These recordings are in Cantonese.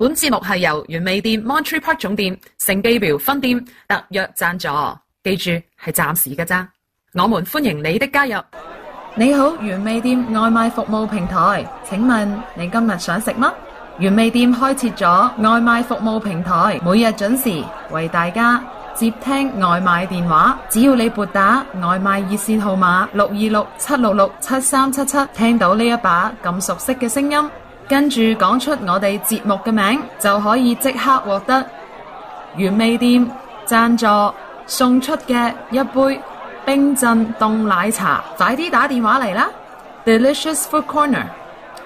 本節目係由原味店 Montreal Park 總店、盛記錶分店特約贊助，記住係暫時嘅咋。我們歡迎你的加入。你好，原味店外賣服務平台，請問你今日想食嗎？原味店開設咗外賣服務平台，每日準時為大家接聽外賣電話。只要你撥打外賣熱線號碼六二六七六六七三七七，7 7, 聽到呢一把咁熟悉嘅聲音。跟住講出我哋節目嘅名，就可以即刻獲得原味店贊助送出嘅一杯冰鎮凍奶茶。快啲打電話嚟啦！Delicious Food Corner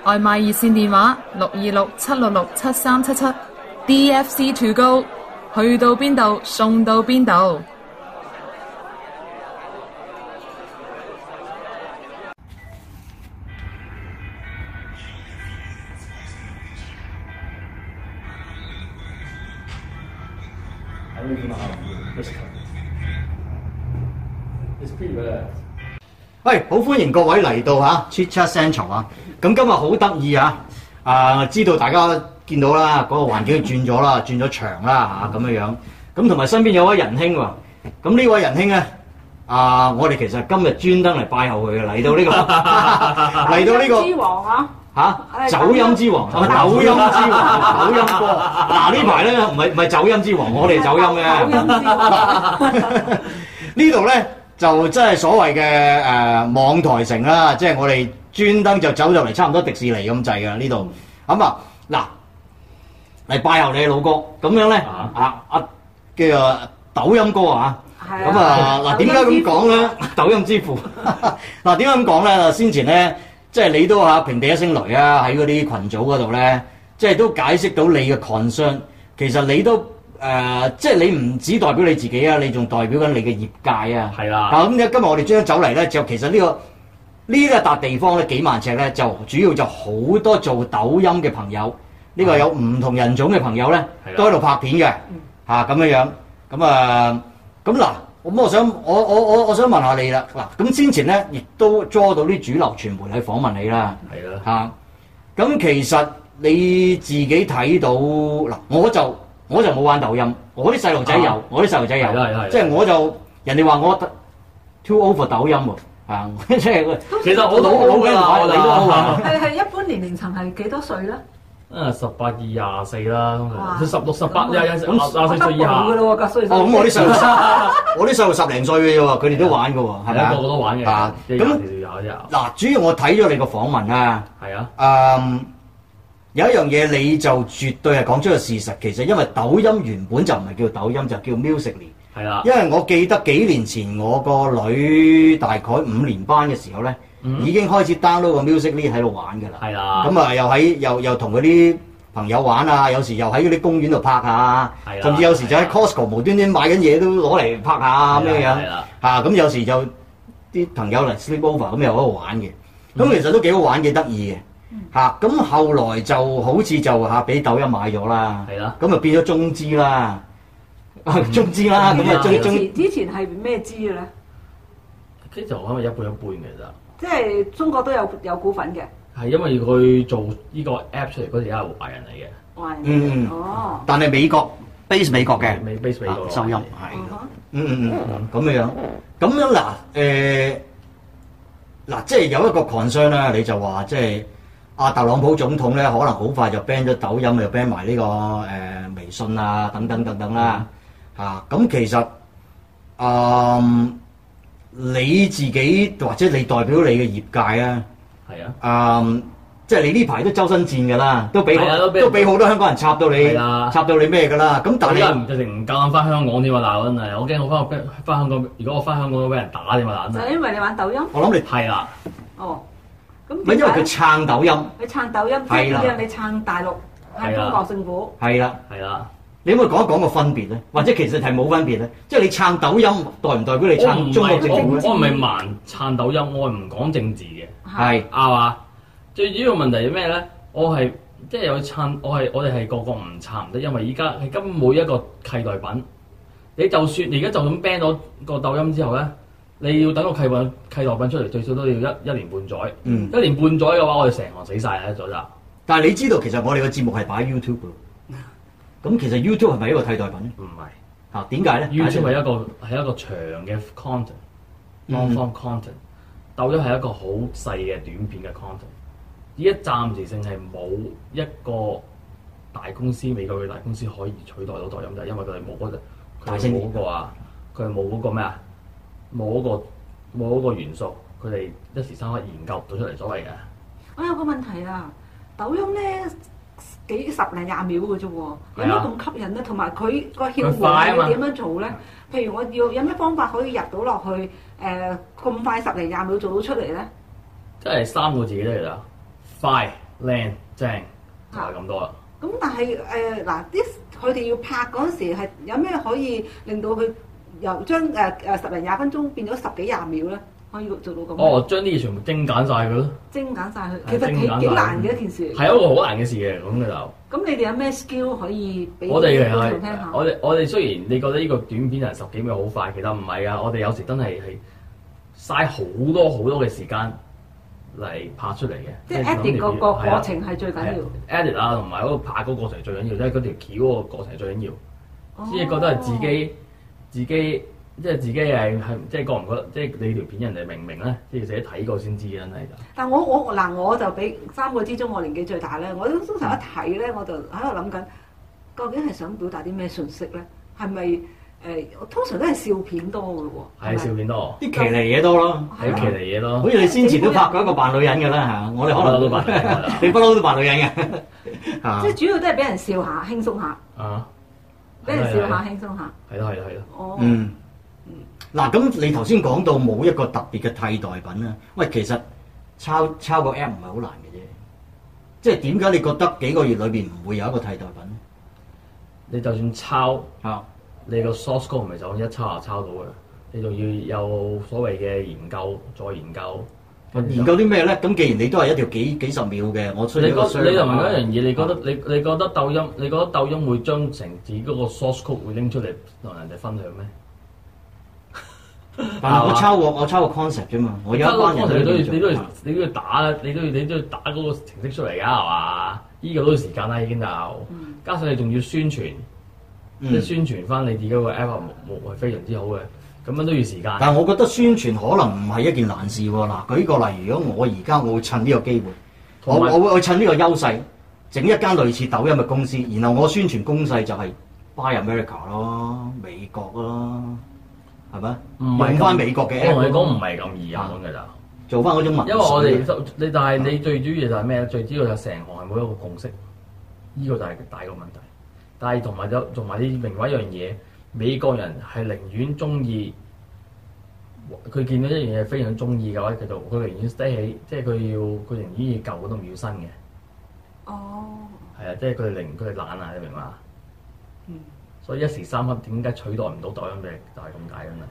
外賣熱線電話六二六七六六七三七七，D F C to go 去到邊度送到邊度。喂，好、hey, 歡迎各位嚟到嚇，Cheers Central 啊！咁今日好得意啊！啊，知道大家見到啦，嗰、那個環境轉咗啦，轉咗場啦嚇，咁、啊、樣樣。咁同埋身邊有位仁兄喎，咁呢位仁兄咧，啊，我哋其實今日專登嚟拜候佢嘅，嚟到呢、這個，嚟 到呢、這個。 之王啊！嚇！走音之王，走音之王，走音歌。嗱，呢排咧，唔係唔係走音之王，我哋走音嘅。呢度咧，就真係所謂嘅誒網台城啦，即係我哋專登就走入嚟，差唔多迪士尼咁滯㗎。呢度。咁，啊，嗱嚟拜候你老哥，咁樣咧啊啊叫啊抖音歌啊，咁，啊，嗱點解咁講咧？抖音之父，嗱點解咁講咧？先前咧。即係你都平地一聲雷啊！喺嗰啲群組嗰度咧，即係都解釋到你嘅 concern。其實你都誒、呃，即係你唔止代表你自己啊，你仲代表緊你嘅業界啊。係啦的。咁，今日我哋將登走嚟咧，就其實呢、這個呢一笪地方咧幾萬尺咧，就主要就好多做抖音嘅朋友，呢的個有唔同人種嘅朋友咧，的都喺度拍片嘅咁樣樣。咁、嗯、啊，咁、嗯、嗱。咁我想，我我我我想問，問一下你啦。嗱，咁先前咧亦都捉到啲主流傳媒去訪問你啦。咁的其實你自己睇到嗱，我就我就冇玩抖音，我啲細路仔有，啊、我啲細路仔有。即係我就人哋話我 too over 抖音喎。嚇，即係佢。都，都好老啊！係係，一般年齡層係幾多歲咧？18, 24, 18, 24啊，哦、 十八、二、廿四啦，十六、十八、廿廿、廿四歲以下。咁嘅，咁我啲細路，我啲細路十零歲嘅喎，佢哋都玩嘅喎，係咪、啊？個個都玩嘅。咁、啊，嗱、啊，主要我睇咗你個訪問啊。係啊。誒，有一樣嘢你就絕對係講出個事實，其實因為抖音原本就唔係叫抖音，就叫 Musical.ly。係啦。因為我記得幾年前我個女大概五年班嘅時候咧。已經開始 download 個 music link 喺度玩㗎啦，咁啊又喺又又同嗰啲朋友玩啊，有時又喺嗰啲公園度拍下，甚至有時就喺 Costco 無端端買緊嘢都攞嚟拍下咁樣，嚇咁有時就啲朋友嚟 sleepover 咁又喺度玩嘅，咁其實都幾好玩幾得意嘅嚇。咁後來就好似就嚇俾抖音買咗啦，咁啊變咗中資啦，中資啦咁啊中中。之前係咩資嘅咧？其實可咪一半一半嘅啫。即係中國都有有股份嘅，係因為佢做呢個 app 出嚟嗰時係華人嚟嘅，華人，嗯，哦，但係美國 base 美國嘅，美收音係，嗯嗯咁嘅樣，咁樣嗱，誒，嗱，即係有一個 concern 咧，你就話即係阿、啊、特朗普總統咧，可能好快就 ban 咗抖音，又 ban 埋呢、這個誒、呃、微信啊，等等等等啦、啊，嚇、啊，咁其實，嗯、呃。你自己或者你代表你嘅業界咧，係啊，嗯，um, 即係你呢排都周身戰嘅啦，都俾、啊、都俾好多香港人插到你，係啊、插到你咩嘅啦。咁但係而家唔夠膽翻香港添啊！大佬真係啊！我驚我翻翻香港，如果我翻香港都俾人打添啊！就，就因為你玩抖音，我諗你係啦。啊、哦，咁因為佢撐抖音，佢撐抖音，點解你撐大陸？係啊，中國政府。係啦、啊，係啦、啊。你有冇講一講個分別咧？或者其實係冇分別咧？即係你撐抖音代唔代表你撐中國政府？我唔係，盲撐抖音，我係唔講政治嘅，係啱啊！最主要問題係咩咧？我係即係有撐，我係我哋係個個唔撐得，因為依家係今每一個替代品，你就算而家就咁 ban 咗個抖音之後咧，你要等個替代代品出嚟，最少都要一一年半載。嗯、一年半載嘅話，我哋成行死晒。啊！左澤，但係你知道其實我哋嘅節目係擺 YouTube。咁其實 YouTube 係咪一個替代品咧？唔係嚇，點解咧？YouTube 係一個係一個長嘅 content、long form content、嗯。抖音係一個好細嘅短片嘅 content。依一暫時性係冇一個大公司，美國嘅大公司可以取代到抖音，就係、是、因為佢哋冇嗰個，佢係冇嗰個啊，佢係冇嗰個咩啊？冇嗰、嗰個冇嗰個元素，佢哋一時三刻研究到出嚟所謂嘅。我有個問題啊，抖音咧。幾十零廿秒嘅啫喎，有咩咁吸引咧？同埋佢個竅門係點樣做咧？譬如我要有咩方法可以入到落去？誒、呃、咁快十零廿秒做到出嚟咧？即係三個字嚟啦，其實快、靚、正，就係、是、咁多啦。咁但係誒嗱，啲佢哋要拍嗰陣時係有咩可以令到佢由將誒誒、呃、十零廿分鐘變咗十幾廿秒咧？可以做到咁？哦，將啲嘢全部精簡晒佢咯。精簡晒佢，其實幾幾難嘅一件事。係一個好難嘅事嘅咁就。咁你哋有咩 skill 可以俾我哋聽下？我哋我哋雖然你覺得呢個短片係十幾秒好快，其實唔係啊！我哋有時真係係嘥好多好多嘅時間嚟拍出嚟嘅。即係 edit 嗰個過程係最緊要。edit 啊，同埋嗰個拍嗰個過程最緊要，即係嗰條橋嗰個過程最緊要。先至覺得係自己自己。自己即係自己係係，即係覺唔覺得？即係你條片人哋明唔明咧？即係自己睇過先知嘅真係。但我我嗱，我就比三個之中我年紀最大咧。我都通常一睇咧，我就喺度諗緊，究竟係想表達啲咩信息咧？係咪誒？我通常都係笑片多嘅喎。係笑片多。啲騎呢嘢多咯。係騎呢嘢咯。好似你先前都拍過一個扮女人嘅啦嚇，我哋可能你不嬲都扮女人嘅。即係主要都係俾人笑下，輕鬆下。啊！俾人笑下，輕鬆下。係咯係咯係咯。嗯。嗱，咁你頭先講到冇一個特別嘅替代品啦。喂，其實抄抄個 App 唔係好難嘅啫。即係點解你覺得幾個月裏邊唔會有一個替代品？你就算抄，啊、你個 source code 唔係就一抄就抄到嘅，你仲要有所謂嘅研究再研究。研究啲咩咧？咁既然你都係一條幾幾十秒嘅，我你你問我一樣嘢，你覺得你你覺得抖音你覺得抖音會將成字嗰個 source code 會拎出嚟同人哋分享咩？ 但我抄我 我抄個 concept 啫嘛， 我有一班人都 你都要 你都要你都要打，你都要你都要打嗰個程式出嚟㗎係嘛？依、這個都要時間啦已經就，加上你仲要宣傳，即係、嗯、宣傳翻你自己個 app 目係非常之好嘅，咁樣都要時間。但係我覺得宣傳可能唔係一件難事喎。嗱，舉個例，如果我而家我趁呢個機會，我我會趁呢個優勢整一間類似抖音嘅公司，然後我宣傳攻勢就係 Buy America 咯，美國咯。係咩？唔係翻美國嘅，我同你講唔係咁易講嘅就做翻嗰種文。因為我哋，你、嗯、但係你最主要就係咩？嗯、最主要就成行係冇一個共識，呢、呢個就係大，大個問題。但係同埋咗，同埋你另外一樣嘢，美國人係寧願中意，佢見到一樣嘢非常中意嘅話，佢就佢寧願 stay 起，即係佢要佢寧願要舊嘅都唔要新嘅。哦。係啊，即係佢係寧佢哋懶啊，你明嘛？嗯。所以一時三刻點解取代唔到抖音嘅就係咁解嘅嘛，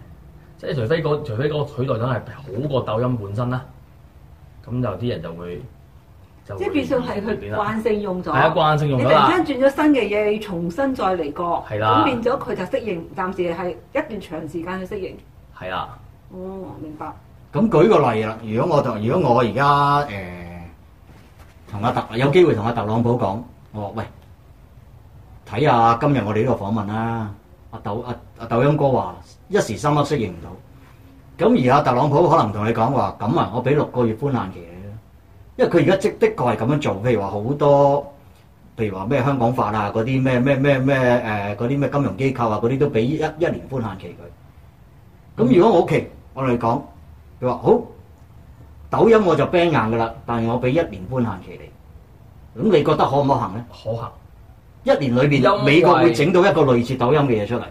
即係除非、個除非嗰個取代品係好過抖音本身啦，咁就啲人就會，就會即係變相係佢慣性用咗，係啊慣性用咗啦，你突然間轉咗新嘅嘢，重新再嚟過，咁變咗佢就適應，暫時係一段長時間去適應。係啊。哦，明白。咁舉個例啦，如果我同如果我而家誒同阿特有機會同阿特朗普講，我喂。睇下今日我哋呢個訪問啦，阿、啊、豆阿阿抖音哥話一時三刻適應唔到，咁而阿特朗普可能同你講話咁啊，我俾六個月寬限期你，因為佢而家即的確係咁樣做，譬如話好多譬如話咩香港法啊，嗰啲咩咩咩咩誒嗰啲咩金融機構啊，嗰啲都俾一一年寬限期佢。咁、嗯、如果 OK，我屋企我同你講，佢話好抖音我就 ban 硬噶啦，但我俾一年寬限期你，咁你覺得可唔可行咧？可行。一年裏面，美國會整到一個類似抖音嘅嘢出嚟，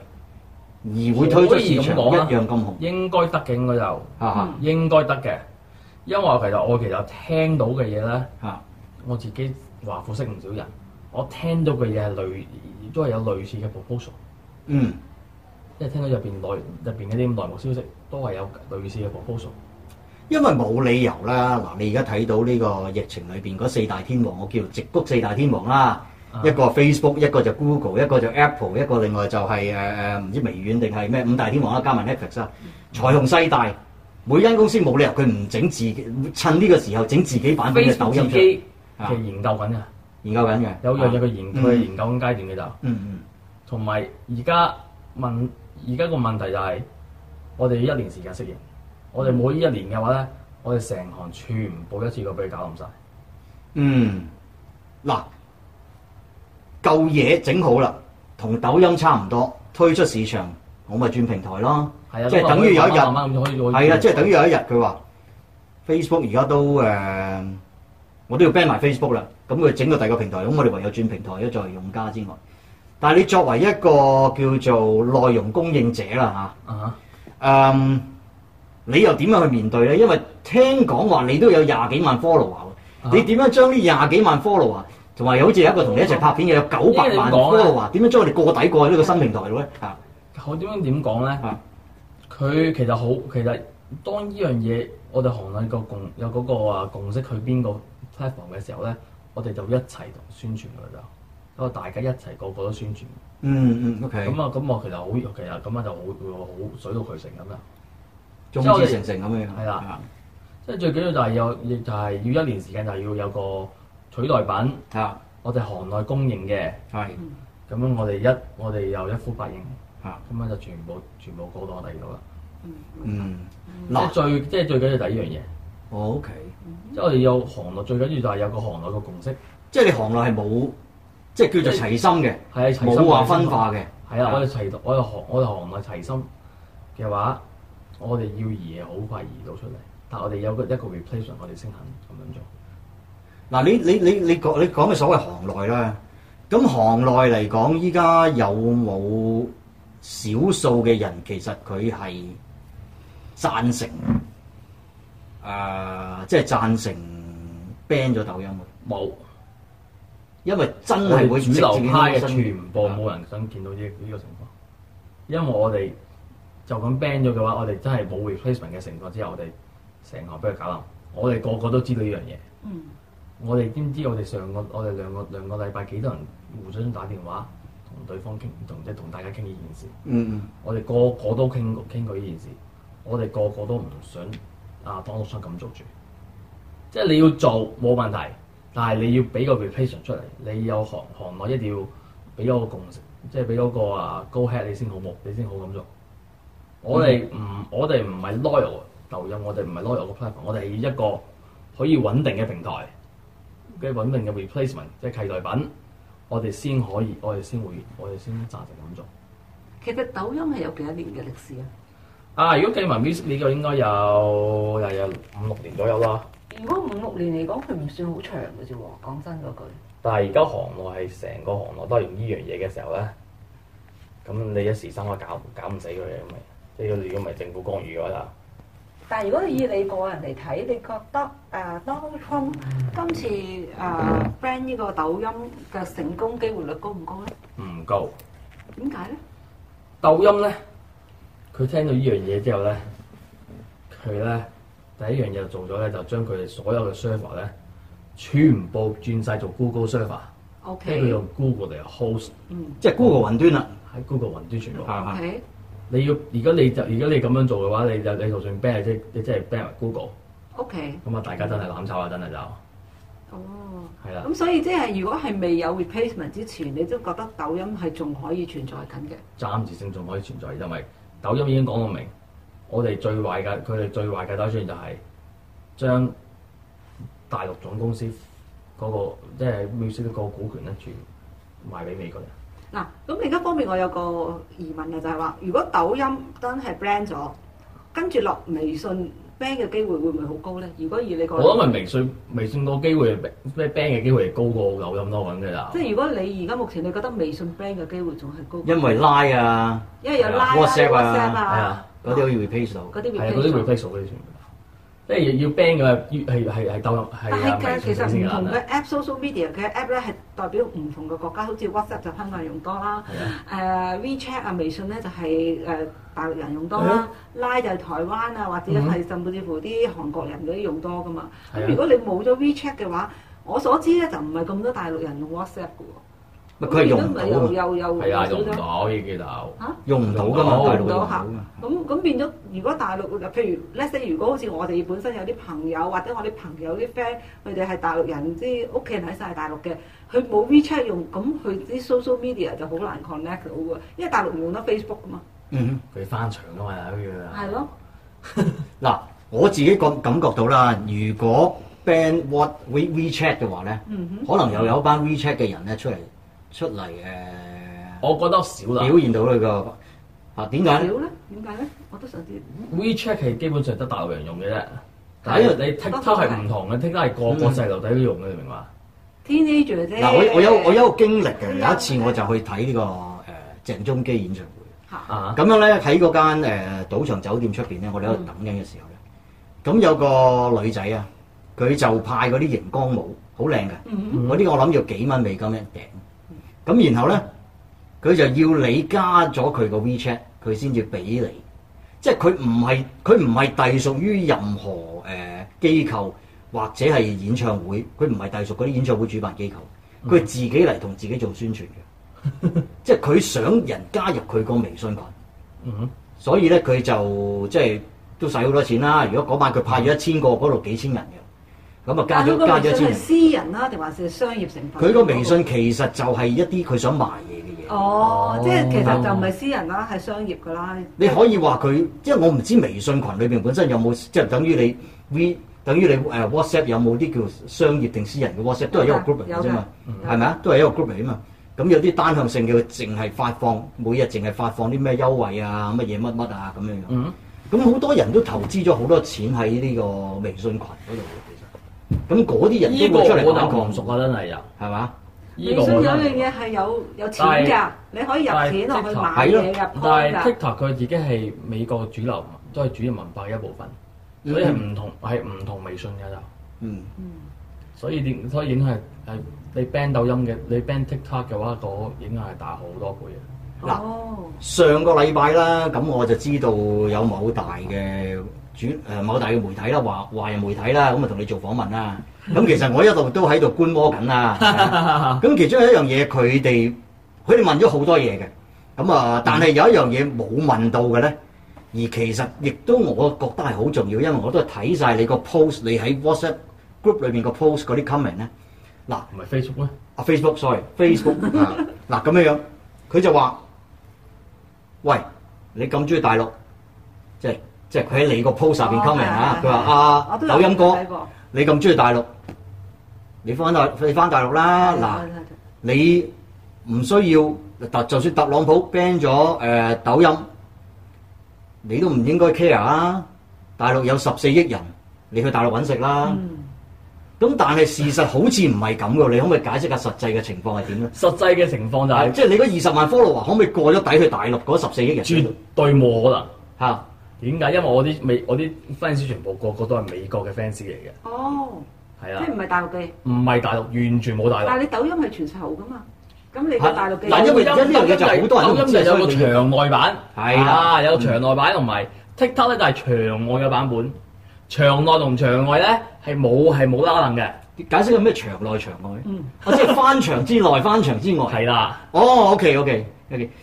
為而會推出市場以樣一樣咁紅。應該得嘅，應該就應該得嘅。因為其實我其實聽到嘅嘢咧，啊、我自己華府識唔少人，我聽到嘅嘢係類都係有類似嘅 proposal。嗯，即係聽到入邊內入邊啲內幕消息，都係有類似嘅 proposal。因為冇理由啦，嗱，你而家睇到呢個疫情裏面嗰四大天王，我叫直谷四大天王啦。啊、一個 Facebook，一個就 Google，一個就 Apple，一個另外就係誒誒唔知係微軟定係咩五大天王啦，加埋 Netflix 啊、嗯，財雄勢大，每間公司冇理由佢唔整自己，趁呢個時候整自己版本嘅抖音出嚟、啊、研究緊嘅，研究緊嘅，有樣嘢佢研佢研究緊階段嘅就，嗯嗯，同埋而家問而家個問題就係，我哋要一年時間適應，嗯、我哋每一年嘅話咧，我哋成行全部一次過俾你搞冧晒。嗯，嗱、啊。夠嘢整好啦，同抖音差唔多，推出市場，我咪轉平台咯。啊，即係等於有一日，啊，即係等於有一日佢話 Facebook 而家都誒，我都要 ban 埋 Facebook 啦。咁佢整個第個平台，咁我哋唯有轉平台，一在用家之外，但係你作為一個叫做內容供應者啦嚇，嗯，你又點樣去面對咧？因為聽講話你都有廿幾萬 follower 喎，你點樣將呢廿幾萬 follower？同埋好似有一個同你一齊拍片嘅有九百萬，都話點樣將我哋個個底過去呢個新平台度咧？啊、嗯，好點樣點講咧？佢、嗯 okay、其實好，其實當呢樣嘢我哋行內個共有嗰個啊共識去邊個 platform 嘅時候咧，我哋就一齊同宣傳佢就，因為大家一齊個個都宣傳、嗯。嗯嗯，OK。咁啊咁啊，其實好，其實咁啊就好，好水到渠成咁樣，眾志成城咁樣。係啦，即係最緊要就係有，就係、是、要一年時間就要有個。取代品嚇，我哋行內供應嘅，係，咁樣我哋一我哋又一呼百應嚇，咁樣就全部全部過到我哋度啦。嗯，嗱、嗯、最、嗯、即係最緊要第一樣嘢。O okay , K，即係我哋有行內最緊要就係有個行內個共識，即係你行內係冇即係叫做齊心嘅，冇話、啊、分化嘅，係啦、啊，我哋齊我哋行我哋行內齊心嘅話，我哋要移好很快移到出嚟，但係我哋有個一個 replacement，我哋先肯咁樣做。嗱，你你你你講你講嘅所謂行內啦，咁行內嚟講，依家有冇少數嘅人其實佢係贊成，誒，即係贊成 ban 咗抖音冇？有因為真係會主流派嘅傳播，冇人想見到呢依個情況。因為我哋就咁 ban 咗嘅話，我哋真係冇 replacement 嘅情況之後，我哋成行俾佢搞冧，我哋個個都知道呢樣嘢。嗯。我哋知唔知？我哋上個我哋兩個兩個禮拜幾多人互相打電話同對方傾，同即係同大家傾呢件事。嗯，我哋個個都傾過傾過呢件事。我哋個個都唔想啊，當陸商咁做住。即係你要做冇問題，但係你要俾個 reputation 出嚟。你有行行內一定要俾多個共識，即係俾多個啊高 head 你先好，冇你先好咁做。我哋唔、嗯、我哋唔係 loyal 投入，我哋唔係 loyal 嘅 platform，我哋係一個可以穩定嘅平台。嘅穩定嘅 replacement 即係替代品，我哋先可以，我哋先會，我哋先暫時咁做。其實抖音係有幾多年嘅歷史啊？啊，如果計埋 music 呢個應該有又、就是、有五六年左右咯。如果五六年嚟講，佢唔算好長嘅啫喎。講真嗰句。但係而家行內係成個行內都係用呢樣嘢嘅時候咧，咁你一時三刻搞搞唔死佢咁咪？即係如果唔係政府干預嘅話啦。但係如果以你個人嚟睇，你覺得誒 Donald Trump 今次，friend、uh, 呢個抖音嘅成功機會率高唔高咧？唔高。點解咧？抖音咧，佢聽到呢樣嘢之後咧，佢咧第一樣嘢做咗咧，就將佢哋所有嘅 server 咧全部轉晒做 Google server。O Okay K。Host, 嗯、即係用 Google 嚟 host，即係 Google 雲端啦、啊，喺 Google 雲端全部。O、okay。你要，如果你，你，你，你就，如果你咁樣做嘅話，你就你就算 ban 即即係 ban 埋 Google。OK。咁啊，大家真係攬炒啊，真係就。哦、oh. 的。係啦。咁所以即、就、係、是、如果係未有 replacement 之前，你都覺得抖音係仲可以存在緊嘅。暫時性仲可以存在，因為抖音已經講到明，我哋最壞嘅佢哋最壞嘅打算就係將大陸總公司嗰、那個即係、就是、music 嗰個股權咧轉賣俾美國人。嗱，咁另一方面，我有個疑問啊，就係話，如果抖音真係 ban 咗，跟住落微信 ban 嘅機會會唔會好高咧？如果以你個，我覺得咪微信微信個機會咩 ban 嘅機會係高過抖音多緊㗎啦。即係如果你而家目前你覺得微信 ban 嘅機會仲係高過，因為拉啊，因為有拉 WhatsApp 啊，嗰啲、啊、可以 replace 嗰啲 replace 啲 replace 嘅。即係要 ban 嘅，越係係係大陸其實唔同嘅 app，啊，唔同嘅 app，social media 嘅 app 咧係代表唔同嘅國家，好似 WhatsApp 就香港人用多啦，誒 WeChat 啊、uh, WeChat，微信咧就係誒大陸人用多啦、哎、Line 就係台灣啊或者係甚至乎啲韓國人嗰啲用多噶嘛。咁、啊、如果你冇咗 WeChat 嘅話，我所知咧就唔係咁多大陸人用 WhatsApp 嘅喎。佢用唔到，係啊，用唔到呢幾年嚇，啊、用唔到嘅嘛。用唔到嚇。咁咁變咗，如果大陸譬如，let's say，如果好似我哋本身有啲朋友，或者我啲朋友啲 friend，佢哋係大陸人，即屋企人喺晒大陸嘅，佢冇 WeChat 用，咁佢啲 social media 就好難 connect 到嘅，因為大陸唔用得 Facebook 嘅嘛。嗯哼，佢翻牆嘅嘛，好係咯。嗱， 我自己覺感覺到啦，如果 ban WhatsApp WeChat 嘅話咧，嗯、哼可能又有一班 WeChat 嘅人咧出嚟。出嚟嘅，我覺得少啦。表現到的呢個啊？點解咧？點解咧？我都想知 WeChat 係基本上得大陸人用嘅啫，的但係因為你 TikTok 係唔同嘅，TikTok 係個細路仔都用嘅，你明嘛？天啲做啫。嗱，我我有我有一個經歷嘅，嗯、有一次我就去睇呢、這個誒、呃、鄭中基演唱會，嚇咁、啊、樣咧喺嗰間誒賭場酒店出邊咧，我哋喺度等緊嘅時候咧，咁、嗯、有個女仔啊，佢就派嗰啲熒光帽，好靚嘅，嗰啲、嗯、我諗要幾蚊美金一咁然後咧，佢就要你加咗佢個 WeChat，佢先至俾你。即係佢唔係佢唔係隸屬於任何誒機構或者係演唱會，佢唔係隸屬嗰啲演唱會主辦機構，佢自己嚟同自己做宣傳嘅。 即係佢想人加入佢個微信羣， 所以咧佢就即係都使好多錢啦。如果嗰晚佢派咗一千個，嗰度幾千人嘅。咁啊，加咗加咗啲。但係佢微信係私人啦，定還是商業成分？佢個微信其實就係一啲佢想賣嘢嘅嘢。哦，即係其實就唔係私人啦，係商業噶啦。你可以話佢，即係我唔知微信群裏面本身有冇，即係等於你 We，等於你誒 WhatsApp 有冇啲叫商業定私人嘅 WhatsApp，都係一個 group 嚟啫嘛，係咪啊？都係一個 group 嚟啊嘛。咁有啲單向性嘅，佢淨係發放每日淨係發放啲咩優惠啊，乜嘢乜乜啊咁樣樣。咁好多人都投資咗好多錢喺呢個微信群嗰度。咁嗰啲人呢個出嚟，我就狂熟啊！真係又係嘛？微信有樣嘢係有有錢㗎，你可以入錢落去買嘢入。但係 TikTok 佢已經係美國主流，都係主流文化嘅一部分，所以唔同係唔同微信嘅，就嗯所以點所以影響係你 ban 抖音嘅，你 ban TikTok 嘅話，嗰影響係大好多倍嘅。嗱，上個禮拜啦，咁我就知道有冇好大嘅。主、呃、某大嘅媒體啦，華華人媒體啦，咁啊同你做訪問啦。咁其實我一路都喺度觀摩緊啦、啊。咁、 啊、其中有一樣嘢，佢哋佢哋問咗好多嘢嘅。咁啊，但係有一樣嘢冇問到嘅咧，而其實亦都我覺得係好重要，因為我都係睇晒你個 post，你喺 WhatsApp group 裏面個 post 嗰啲 comment 咧。嗱，唔係 Facebook 呢？啊 Facebook，sorry，Facebook。嗱咁樣，佢就話，喂，你咁中意大陸，即係。即係佢喺你個 post 入面 comment 嚇，佢話啊，抖音哥，你咁中意大陸，你翻大你翻大陸啦。嗱，你唔需要特就算特朗普 ban 咗誒抖音，你都唔應該 care 啊。大陸有十四億人，你去大陸揾食啦。咁、嗯、但係事實好似唔係咁㗎喎，你可唔可以解釋下實際嘅情況係點咧？實際嘅情況就係、是，即係你嗰二十萬 follow 可唔可以過咗底去大陸嗰十四億人？絕對冇可能嚇。點解？因為我啲美，我啲 fans 全部個，個個都係美國嘅 fans 嚟嘅。哦，係啊，即係唔係大陸嘅？唔係大陸，完全冇大陸。但係你抖音係全球㗎嘛？咁你個大陸嘅抖音一啲嘢就好多人抖音就有，音就有個牆外版，係啊，有牆內版同埋 TikTok 咧，就係牆外嘅版，、嗯、版本。牆內同牆外咧係冇係冇得撚嘅。解釋個咩牆內牆外？嗯， 啊、即係翻牆之內，翻牆之外。係啦、啊。哦，OK，OK。Okay, okay.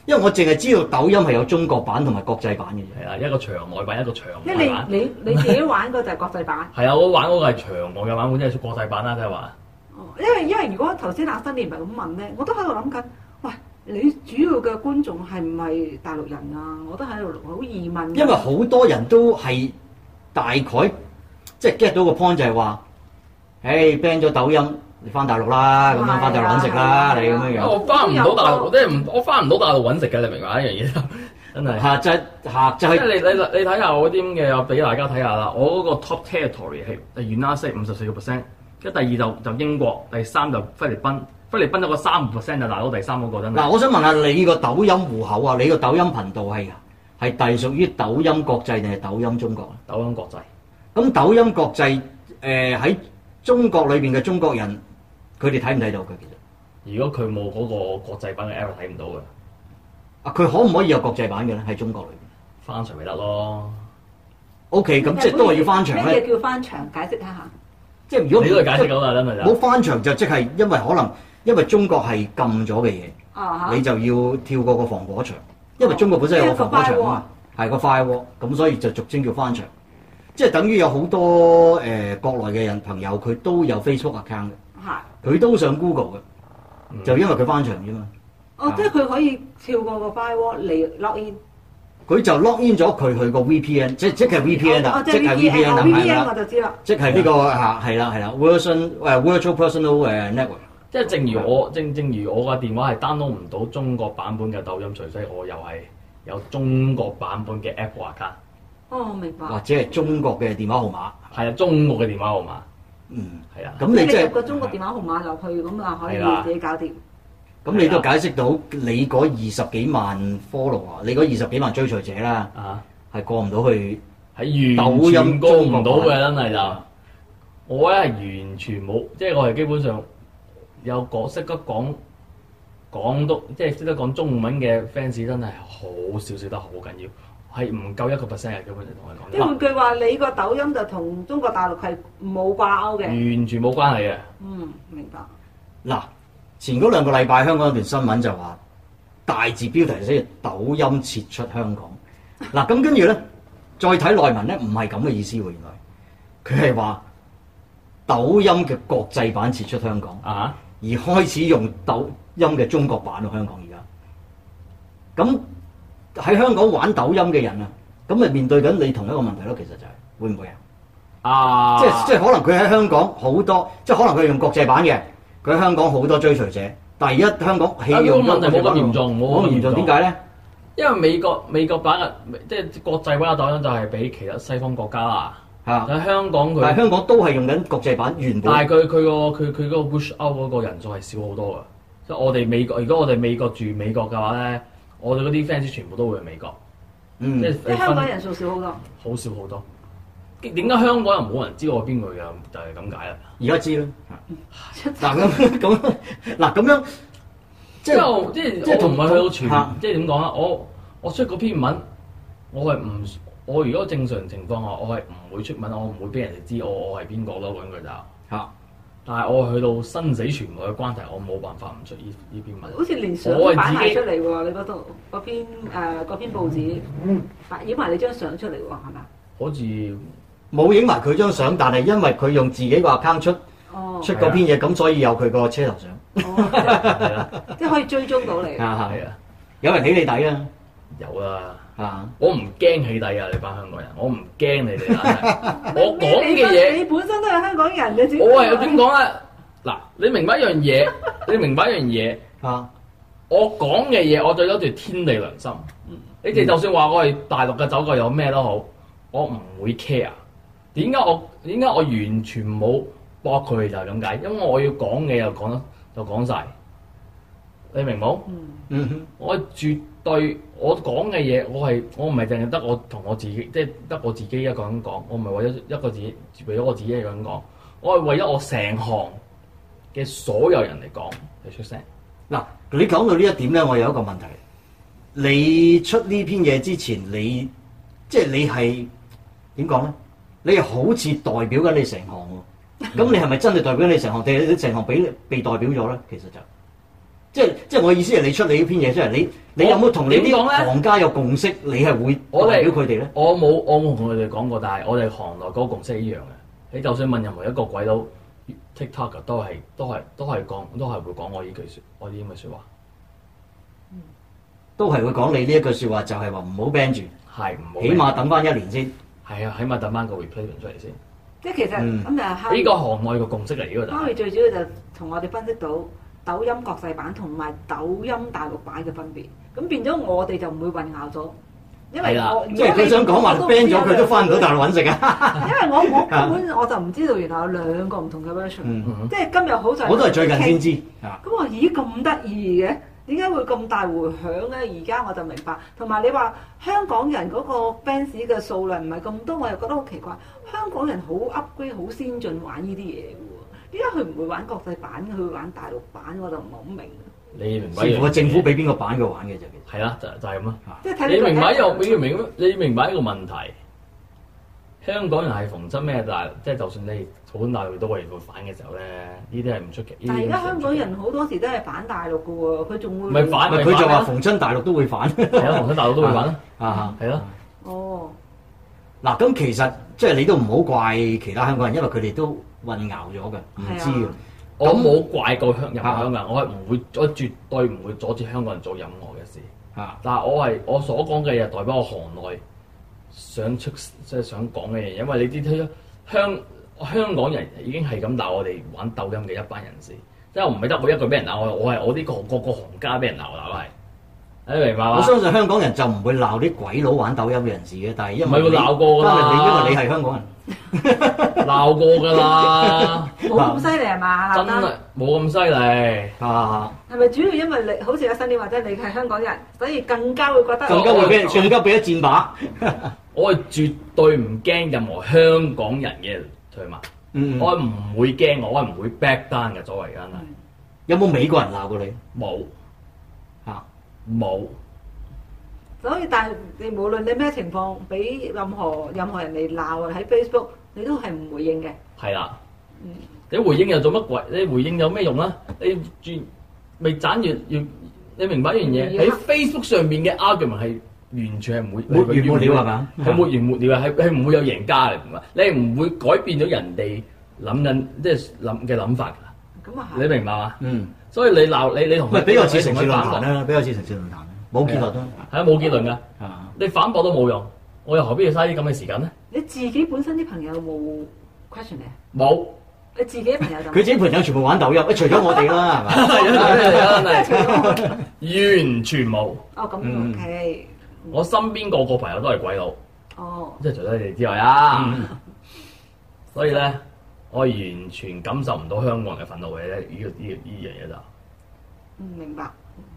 因為我淨係知道抖音係有中國版同埋國際版嘅嘢，係啊，一個牆外版，一個牆內版。一嚟你，吧你自己玩嗰個就係國際版。係啊， 我玩嗰個係牆外嘅版本，即係國際版啦，即係話。哦，因為因為如果頭先阿新你唔係咁問咧，我都喺度諗緊。喂，你主要嘅觀眾係唔係大陸人啊？我都喺度好疑問啊。因為好多人都係大概即係 get 到個 point 就係話，誒 ban 咗抖音。你翻大陸啦，咁、啊、樣翻大陸揾食啦，啊、你咁樣樣。我翻唔到大陸，即係唔，我翻唔到大陸揾食嘅，你明白一樣嘢？真係。嚇、就係！即係嚇！即係你你你睇下我啲咁嘅，俾大家睇下啦。我嗰個 Top Territory 係係越南西五十四個 percent，一第二就就英國，第三就菲律賓，菲律賓有個三五 percent 就攞到第三嗰個真，真係。嗱，我想問下你個抖音戶口啊，你個抖音頻道係係屬於抖音國際定係抖音中國啊？抖音國際。咁抖音國際誒喺、呃、中國裏邊嘅中國人。佢哋睇唔睇到佢其實？如果佢冇嗰個國際版嘅 error 睇唔到嘅啊，佢可唔可以有國際版嘅咧？喺中國裏邊翻牆咪得咯？OK，咁即係都係要翻牆咧。咩叫翻牆？解釋一下，即係如果唔，你都係解釋咁啊啦嘛，就冇翻牆就即係因為可能因為中國係禁咗嘅嘢，你就要跳過個防火牆，因為中國本身有個防火牆啊嘛，係、uh huh. 個 firewall 咁，所以就俗稱叫翻牆，即係等於有好多誒、呃、國內嘅人朋友佢都有 Facebook account 嘅。佢都想 Google 嘅，就因為佢翻牆啫嘛。哦，即係佢可以跳過個 firewall 嚟 login。佢就 login 咗佢去個 VPN，即即係 VPN 啦，即係 VPN 啦。即係 VPN，VPN 我就知啦。即係呢個嚇係啦，係啦，version 誒 virtual personal 誒 network。即係正如我正正如我嘅電話係 download 唔到中國版本嘅抖音，除非我又係有中國版本嘅 app 掛卡。哦，明白。或者係中國嘅電話號碼，係啊，中國嘅電話號碼。嗯，係啊的，咁你即係入個中國電話號碼入去，咁啊可以自己搞掂。咁你都解釋到你嗰二十幾萬 follower 你嗰二十幾萬追隨者啦，係過唔到去，喺抖音過唔到嘅，真係就我咧係完全冇，即係我係、就是、基本上有角識得講廣東，即係識得講中文嘅 fans 真係好少少得好緊要。係唔夠一個 percent 嘅，佢哋同我講。即換句話，啊、你個抖音就同中國大陸係冇掛鈎嘅。完全冇關係嘅。嗯，明白。嗱，前嗰兩個禮拜香港有段新聞就話大字標題先，抖音撤出香港。嗱咁跟住咧，再睇內文咧，唔係咁嘅意思，原來佢係話抖音嘅國際版撤出香港，啊、而開始用抖音嘅中國版喺香港而家。咁喺香港玩抖音嘅人啊，咁咪面對緊你同一個問題咯。其實就係、是、會唔會啊？啊！即係即係可能佢喺香港好多，即係可能佢用國際版嘅，佢喺香港好多追隨者。但係而家香港起個問題冇咁嚴重，冇咁嚴重點解咧？因為美國美國版啊，即係國際版嘅抖音就係比其他西方國家啊。係啊的！喺香港佢但香港都係用緊國際版，原本的但係佢佢個佢佢嗰個歐嗰個人數係少好多㗎。即係我哋美國，如果我哋美國住美國嘅話咧。我哋嗰啲 fans 全部都會去美國，嗯、即係香港人數少好多，好少好多。點解香港人冇人知我邊個㗎？就係咁解啦。而家知啦。嗱咁咁，嗱咁樣，即係即係即係，我唔係去到全，即係點講啊？我我出個篇文，我係唔，我如果正常情況下，我係唔會出文，我唔會俾人哋知我我係邊個咯，揾佢就嚇但係我去到生死存亡嘅關頭，我冇辦法唔出呢呢篇文。好似連相都擺出嚟喎，你嗰度嗰篇誒嗰篇報紙，影埋、嗯嗯、你張相出嚟喎，係咪？好似冇影埋佢張相，但係因為佢用自己個 account 出、哦、出嗰篇嘢，咁、啊、所以有佢個車頭相。即係可以追蹤到你。 啊係啊，有人起你底啊？有啊。啊！ 我唔驚起底啊！你班香港人，我唔驚你哋啦。我講嘅嘢，你本身都係香港人嘅。我係有點講啊？嗱， 你明白一樣嘢，你明白一樣嘢啊！我講嘅嘢，我對咗住天地良心。嗯、你哋就算話我係大陸嘅走過有咩都好，我唔會 care。點解我點解我完全冇駁佢就係咁解？因為我要講嘅又講得就講晒。你明冇？嗯、我絕對。我講嘅嘢，我係我唔係淨係得我同我自己，即係得我自己一個人講。我唔係為咗一個自己，為咗我自己一個人講。我係為咗我成行嘅所有人嚟講嚟出聲。嗱，你講到呢一點咧，我有一個問題：你出呢篇嘢之前，你即係、就是、你係點講咧？你又好似代表緊你成行喎。咁、嗯、你係咪真係代表緊你成行？定係你成行俾被，被代表咗咧？其實就是、～即係即係我意思係你出你呢篇嘢即係，你你有冇同你啲行家有共識？你係會代表佢哋咧？我冇，我冇同佢哋講過，但係我哋行內嗰個共識係一樣嘅。你就算問任何一個鬼佬 TikTok 都係都係都係講都係會講我呢句説我啲咁嘅説話，話嗯、都係會講你呢一句説話，就係話唔好 ban 住，係唔好起碼等翻一年先。係啊，起碼等翻個 replacement 出嚟先。即係其實咁呢、嗯嗯、個行內嘅共識嚟嘅啫。當然最主要就同我哋分析到。抖音國際版同埋抖音大陸版嘅分別，咁變咗我哋就唔會混淆咗，因為我即係佢想講話 ban 咗佢都返唔到大陸搵食啊！的因為我我本 Yeah. 我就唔知道原來有兩個唔同嘅 version， 嗯、哼即係今日好在我都係最近先知道。咁、啊、我咦咁得意嘅，點解會咁大迴響咧？而家我就明白。同埋你話香港人嗰個 fans 嘅數量唔係咁多，我又覺得好奇怪。香港人好 upgrade，好先進玩呢啲嘢。點解佢唔會玩國際版？佢會玩大陸版，我就唔係好明。你明白政府政府俾邊個版佢玩嘅就係。係啦，就就係咁啦。你明白又你要明咩？你明白呢個問題？香港人係逢親咩？但即係就算你討好大陸都會反嘅時候咧，呢啲係唔出奇。但係而家香港人好多時都係反大陸嘅喎，佢仲會。咪反佢就話逢親大陸都會反，係啊，逢親大陸都會反啊，係咯。哦。嗱，咁其實即係你都唔好怪其他香港人，因為佢哋都，混淆咗嘅，唔知嘅，啊、樣我冇怪過香香港人，啊、我係唔會，我絕對唔會阻止香港人做任何嘅事、啊、但我我所講嘅嘢代表我行內想出即、即係、想講嘅嘢，因為你啲啦，香香港人已經係咁鬧我哋玩抖音嘅一班人士，即係我唔係得我一句俾人鬧，我我係我呢個個個行家俾人鬧，嗱我係。誒明白嘛？我相信香港人就唔會鬧啲鬼佬玩抖音嘅人士嘅，但係因為因為你係香港人，鬧過㗎啦，冇咁犀利係嘛？真係冇咁犀利嚇。係咪主要因為你好似阿新點話啫？你係香港人，所以更加會覺得更加會俾，更加俾一箭靶！我係絕對唔驚任何香港人嘅，同佢嘛，我係唔會驚，我係唔會 back down 嘅。作為而家，有冇美國人鬧過你？冇。冇，所以但係你無論你咩情況，俾任何任何人嚟鬧喺 Facebook，你都係唔回應嘅。係啦，你回應又做乜鬼？你回應有咩用啊？你轉咪掙住要你明白一樣嘢，喺 Facebook 上面嘅 argument 係完全係唔會冇完沒了係嘛？係冇完沒了，係係唔會有贏家嚟㗎。你唔會改變咗人哋諗緊即係諗嘅諗法。咁啊係，你明白嘛？嗯。所以你鬧你你同佢比較似城市論壇咧，比較似城市論壇冇結論啦，係啊，冇結論噶，你反駁都冇用，我又何必要嘥啲咁嘅時間咧？你自己本身啲朋友冇 question 嚟冇，你自己朋友佢自己朋友全部玩抖音，一除咗我哋啦，係嘛？完全冇哦，咁 OK。我身邊個個朋友都係鬼佬哦，即係除咗你哋之外啊，所以咧。我完全感受唔到香港人嘅憤怒嘅咧，呢呢呢樣嘢就，嗯，明白。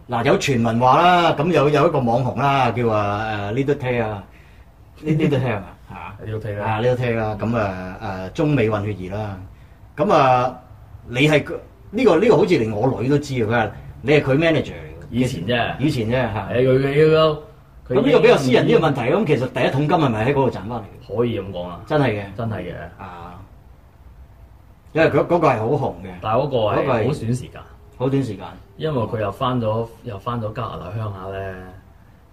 嗱有傳聞話啦，咁有有一個網紅啦，叫啊誒 Lil Tei 啊，呢呢個 Tei 啊嚇，Lil Tei 啦，啊 Lil Tei 啦，咁啊誒中美混血兒啦，咁啊你係呢個呢個好似連我女都知嘅，佢話你係佢 manager 以前啫，以前啫嚇，誒佢佢佢，咁呢個比較私人呢嘅問題，咁其實第一桶金係咪喺嗰度賺翻嚟？可以咁講啊，真係嘅，真係嘅啊。因為佢嗰個係好紅嘅，但係嗰個係好短時間，好短時間。因為佢又翻咗，又翻咗加拿大鄉下咧，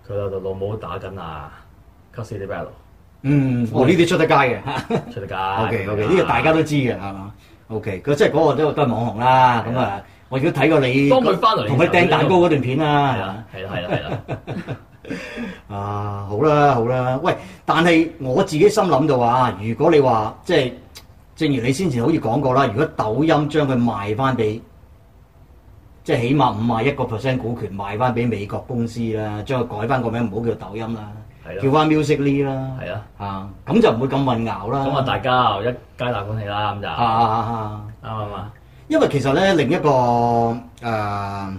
佢老母打緊啊，《custody battle》。嗯，哦呢啲出得街嘅，出得街。O K O K，呢個大家都知嘅，係嘛？O K，佢即係嗰個都都係網紅啦。咁啊，我亦都睇過你同佢掟蛋糕嗰段片啦，係嘛？係啦，係啦，係啦。啊，好啦，好啦。喂，但係我自己心諗就話啊，如果你話即係。正如你先前好似講過啦，如果抖音將佢賣翻俾，即係起碼五十一個 percent 股權賣翻俾美國公司啦，將佢改翻個名，唔好叫抖音啦，的叫翻 Musically 啦，係咯的，啊，咁就唔會咁混淆啦。咁啊，大家啊一皆大歡喜啦，咁就嚇嚇嚇啱嘛？因為其實咧，另一個誒、呃，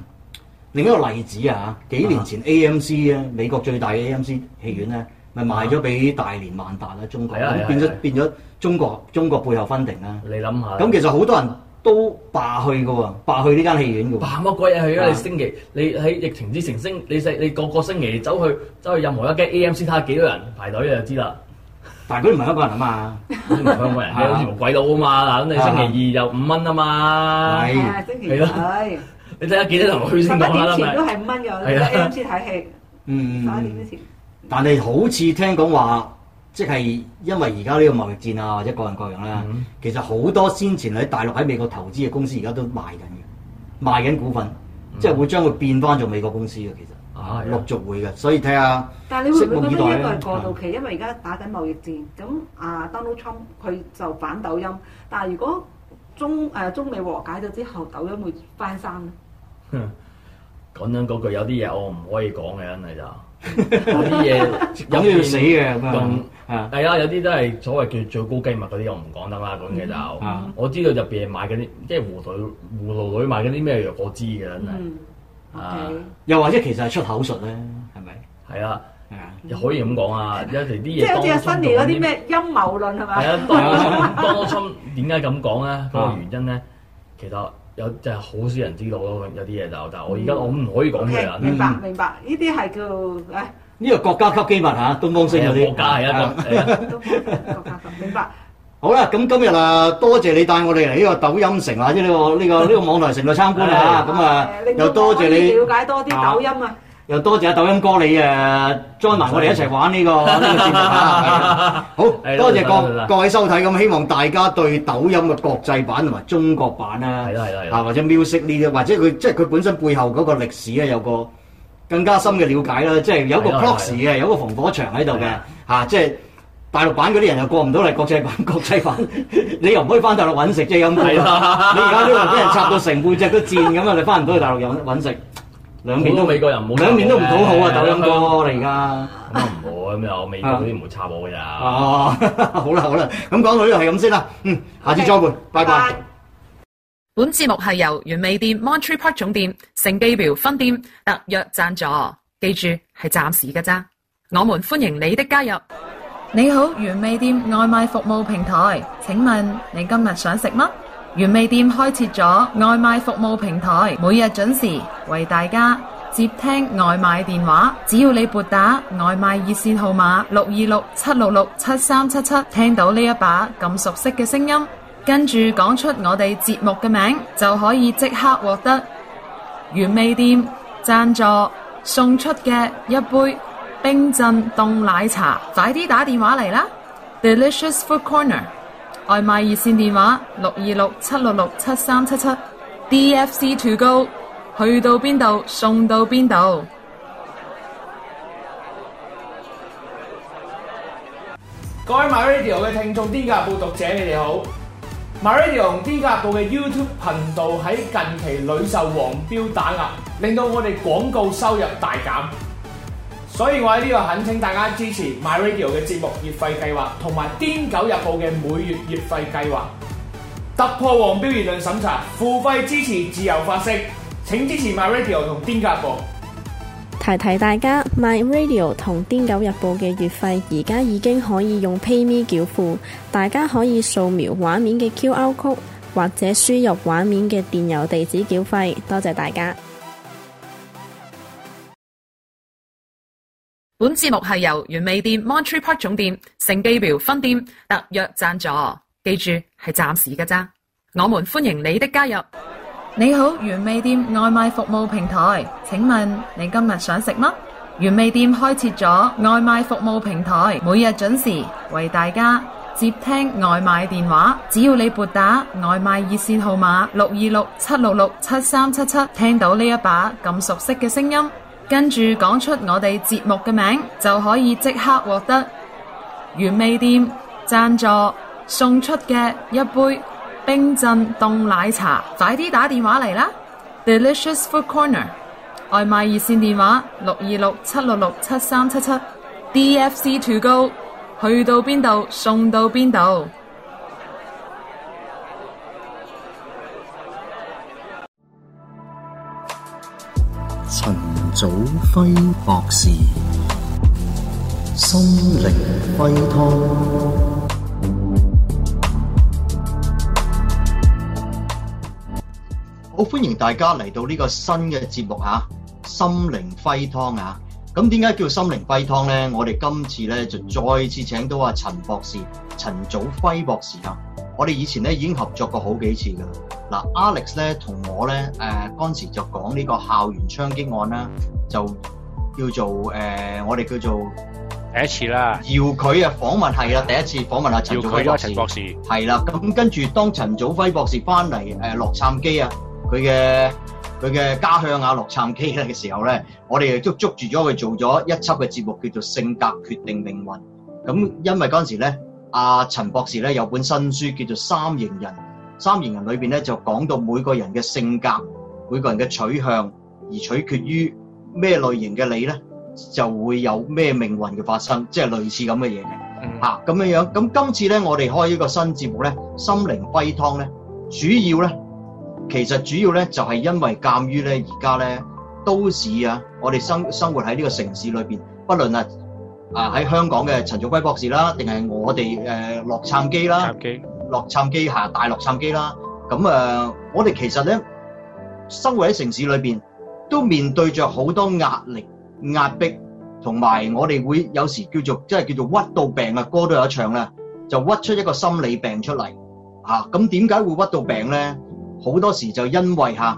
另一個例子啊，幾年前 AMC 啊的，美國最大嘅 AMC 戲院咧。咪賣咗俾大連萬達啦，中國咁變咗變咗中國中國背後分定啦。你諗下，咁其實好多人都霸去嘅喎，霸去呢間戲院嘅。霸乜鬼嘢去啊？你星期你喺疫情之前星，你你個個星期走去走去任何一間 AMC 睇下幾多人排隊就知啦。但係嗰唔係一個人啊嘛，唔係一個人，你好似無鬼佬啊嘛。咁你星期二就五蚊啊嘛。係星期二。你睇下幾多人去先講啦。十一年前都係五蚊嘅，喺 AMC 睇戲。嗯嗯嗯。十一年之前。但係好似聽講話，即係因為而家呢個貿易戰啊，或者各樣各樣啦，mm hmm. 其實好多先前喺大陸喺美國投資嘅公司，而家都賣緊嘅，賣緊股份，mm hmm. 即係會將佢變翻做美國公司嘅，其實、啊、陸續會嘅，所以睇下。但係你會唔會覺得呢一個係過渡期？的因為而家打緊貿易戰，咁啊 Donald Trump 佢就反抖音，但係如果中誒、啊、中美和解咗之後，抖音會翻生。講緊嗰句有啲嘢我唔可以講嘅，真係就。啲嘢飲都要死嘅咁，係啊，有啲都係所謂叫最高機密嗰啲，我唔講得啦，咁嘅就，我知道入面賣緊啲，即係胡女葫蘆裏賣緊啲咩藥我知嘅，真係，啊，又或者其實係出口術咧，係咪？係啊，係啊，又可以咁講啊，因為啲嘢，即係好似 Sunny 嗰啲咩陰謀論係咪？係啊，當心點解咁講咧？個原因咧，其實。有真係好少人知道咯，有啲嘢就，但係我而家我唔可以講嘅啊。明白明白，呢啲係叫誒。呢個國家級機密嚇，東方星有啲。國家係一個。國家級。明白。好啦，咁今日啊，多謝你帶我哋嚟呢個抖音城啊，即係呢個呢個呢個網台城嚟參觀啦。咁啊，又多謝你瞭解多啲抖音啊。又多謝阿抖音哥你、啊，你誒 join 埋我哋一齊玩呢、這個呢節目、啊、好的多謝哥各，各位收睇，咁希望大家對抖音嘅國際版同埋中國版啦、啊，嚇或者 music 呢啲，或者佢即係佢本身背後嗰個歷史咧、啊，有個更加深嘅了解啦、啊，即、就、係、是、有個 proxy 嘅、啊，有個防火牆喺度嘅嚇，即係的、啊就是、大陸版嗰啲人又過唔到嚟國際版，國際版 你又唔可以翻大陸揾食啫，有冇的？你而家呢個畀人插到成背脊都箭咁啊， 你翻唔到去大陸又揾食。兩面都美國人，兩面都唔討好、哎、啊！抖音哥嚟我哋而家咁唔好咁我、啊、美國嗰啲唔會插我㗎咋。哦、啊啊，好啦好啦，咁講到呢度係咁先啦。嗯，下次再會，拜拜 Okay, bye。本節目係由原味店 Monterey Park 總店、城記廟分店特約贊助，記住係暫時㗎咋。我們歡迎你的加入。你好，原味店外賣服務平台，請問你今日想食乜？原味店開設咗外賣服務平台，每日準時為大家接聽外賣電話。只要你撥打外賣熱線號碼六二六七六六七三七七，7 7，聽到呢一把咁熟悉嘅聲音，跟住講出我哋節目嘅名，就可以即刻獲得原味店贊助送出嘅一杯冰鎮凍奶茶。快啲打電話嚟啦！Delicious Food Corner。外賣熱線電話六二六七六六七三七七，D F C To Go，去到邊度送到邊度？各位 my radio 嘅聽眾，D 架報讀者，你哋好！my radio D 架報嘅 YouTube 頻道喺近期屢受黃標打壓，令到我哋廣告收入大減。所以我喺呢度懇請大家支持 My Radio 嘅節目月費計劃，同埋癲狗日報嘅每月月費計劃，突破黃標言論審查，付費支持自由發聲，請支持 My Radio 同癲狗日報。提提大家，My Radio 同癲狗日報嘅月費而家已經可以用 PayMe 繳付，大家可以掃描畫面嘅 QR code 或者輸入畫面嘅電郵地址繳費，多謝大家。本節目係由原味店 Monterey Park 總店、盛記廟分店特約贊助，記住係暫時嘅咋。我們歡迎你的加入。你好，原味店外賣服務平台，請問你今日想食嗎？原味店開設咗外賣服務平台，每日準時為大家接聽外賣電話。只要你撥打外賣熱線號碼六二六七六六七三七七，7 7，聽到呢一把咁熟悉嘅聲音。跟住講出我哋節目嘅名，就可以即刻獲得原味店贊助送出嘅一杯冰鎮凍奶茶。快啲打電話嚟啦！Delicious Food Corner 外賣熱線電話六二六七六六七三七七，D F C to go 去到邊度送到邊度。陳祖輝博士，心靈雞湯，好歡迎大家嚟到呢個新嘅節目啊！心靈雞湯啊，咁點解叫心靈雞湯咧？我哋今次咧就再次請到阿陳博士，陳祖輝博士啊，我哋以前咧已經合作過好幾次噶。嗱 Alex 咧，同我咧誒，嗰陣時就講呢個校園槍擊案啦，就叫做誒我哋叫做第一次啦，邀佢啊訪問係啦，第一次訪問阿陳祖輝博士係啦，咁跟住當陳祖輝博士翻嚟誒洛杉磯啊佢嘅佢嘅家鄉啊洛杉磯嘅時候咧，我哋亦都捉住咗佢做咗一輯嘅節目叫做性格決定命運。咁因為嗰陣時咧阿陳博士咧有本新書叫做《三型人》。三型人裏邊咧，就講到每個人嘅性格、每個人嘅取向，而取決於咩類型嘅你咧，就會有咩命運嘅發生，即係類似咁嘅嘢嘅嚇咁樣、嗯、樣。咁今次咧，我哋開呢個新節目咧，《心靈雞湯》咧，主要咧，其實主要咧就係因為鑑於咧而家咧都市啊，我哋生生活喺呢個城市裏邊，不論係啊啊喺香港嘅陳祖輝博士啦，定係我哋誒洛杉磯啦。洛杉磯下大洛杉磯啦，咁誒，我哋其實咧，生活喺城市裏邊，都面對着好多壓力壓迫，同埋我哋會有時叫做即係叫做屈到病嘅歌都有得唱咧，就屈出一個心理病出嚟嚇。咁點解會屈到病咧？好多時就因為嚇、啊、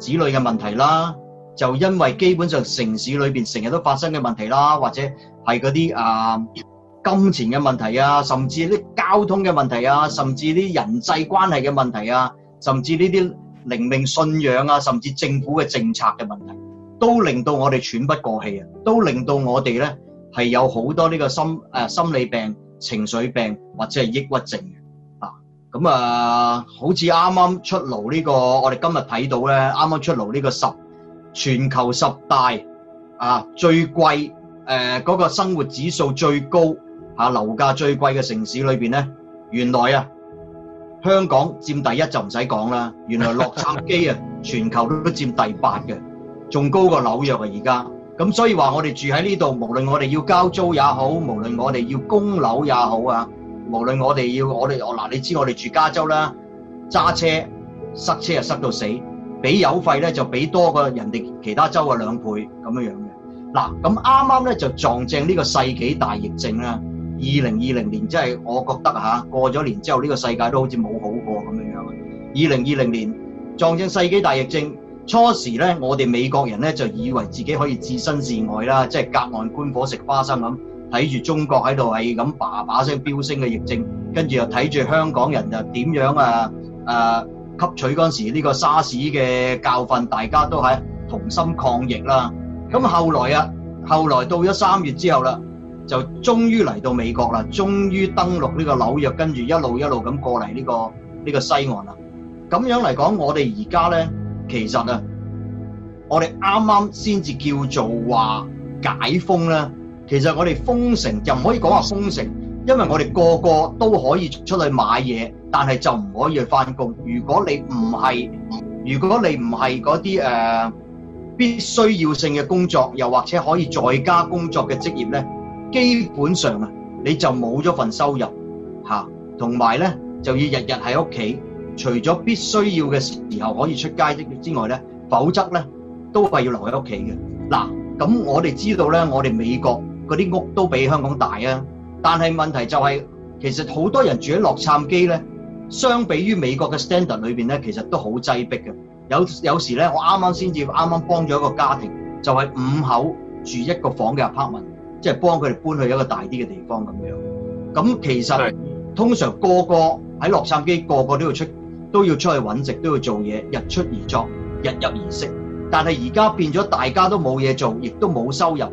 子女嘅問題啦，就因為基本上城市裏邊成日都發生嘅問題啦，或者係嗰啲啊。金錢嘅問題啊，甚至啲交通嘅問題啊，甚至啲人際關係嘅問題啊，甚至呢啲靈命信仰啊，甚至政府嘅政策嘅問題，都令到我哋喘不過氣啊，都令到我哋咧係有好多呢個心誒心理病、情緒病或者係抑鬱症嘅啊。咁啊，好似啱啱出爐呢個，我哋今日睇到咧，啱啱出爐呢個十全球十大啊最貴誒嗰個生活指數最高。啊樓價最貴嘅城市裏邊咧，原來啊香港佔第一就唔使講啦。原來洛杉磯啊全球都佔第八嘅，仲高過紐約啊而家。咁所以話我哋住喺呢度，無論我哋要交租也好，無論我哋要供樓也好啊，無論我哋要我哋哦嗱，你知我哋住加州啦，揸車塞車又塞到死，俾油費咧就俾多過人哋其他州嘅兩倍咁樣樣嘅。嗱咁啱啱咧就撞正呢個世紀大疫症啦。二零二零年真係，我覺得嚇過咗年之後，呢個世界都好似冇好過咁樣樣。二零二零年撞正世紀大疫症，初時呢，我哋美國人呢，就以為自己可以置身事外啦，即係隔岸觀火食花生咁睇住中國喺度係咁叭把聲飆升嘅疫症，跟住又睇住香港人又點樣啊啊吸取嗰陣時呢個沙士嘅教訓，大家都係同心抗疫啦。咁後來啊，後來到咗三月之後啦。就終於嚟到美國啦，終於登陸呢個紐約，跟住一路一路咁過嚟呢個呢個西岸啦。咁樣嚟講，我哋而家咧，其實啊，我哋啱啱先至叫做話解封咧。其實我哋封城就唔可以講話封城，因為我哋個個都可以出去買嘢，但係就唔可以去翻工。如果你唔係，如果你唔係嗰啲誒必須要性嘅工作，又或者可以在家工作嘅職業咧。基本上啊，你就冇咗份收入吓，同埋咧就要日日喺屋企，除咗必須要嘅時候可以出街之之外咧，否則咧都係要留喺屋企嘅。嗱，咁我哋知道咧，我哋美國嗰啲屋都比香港大啊，但係問題就係其實好多人住喺洛杉磯咧，相比於美國嘅 standard 裏邊咧，其實都好擠迫嘅。有有時咧，我啱啱先至啱啱幫咗一個家庭，就係五口住一個房嘅 apartment。即係幫佢哋搬去一個大啲嘅地方咁樣。咁其實的通常個個喺洛杉磯，個個都要出都要出去揾食，都要做嘢，日出而作，日入而息。但係而家變咗，大家都冇嘢做，亦都冇收入，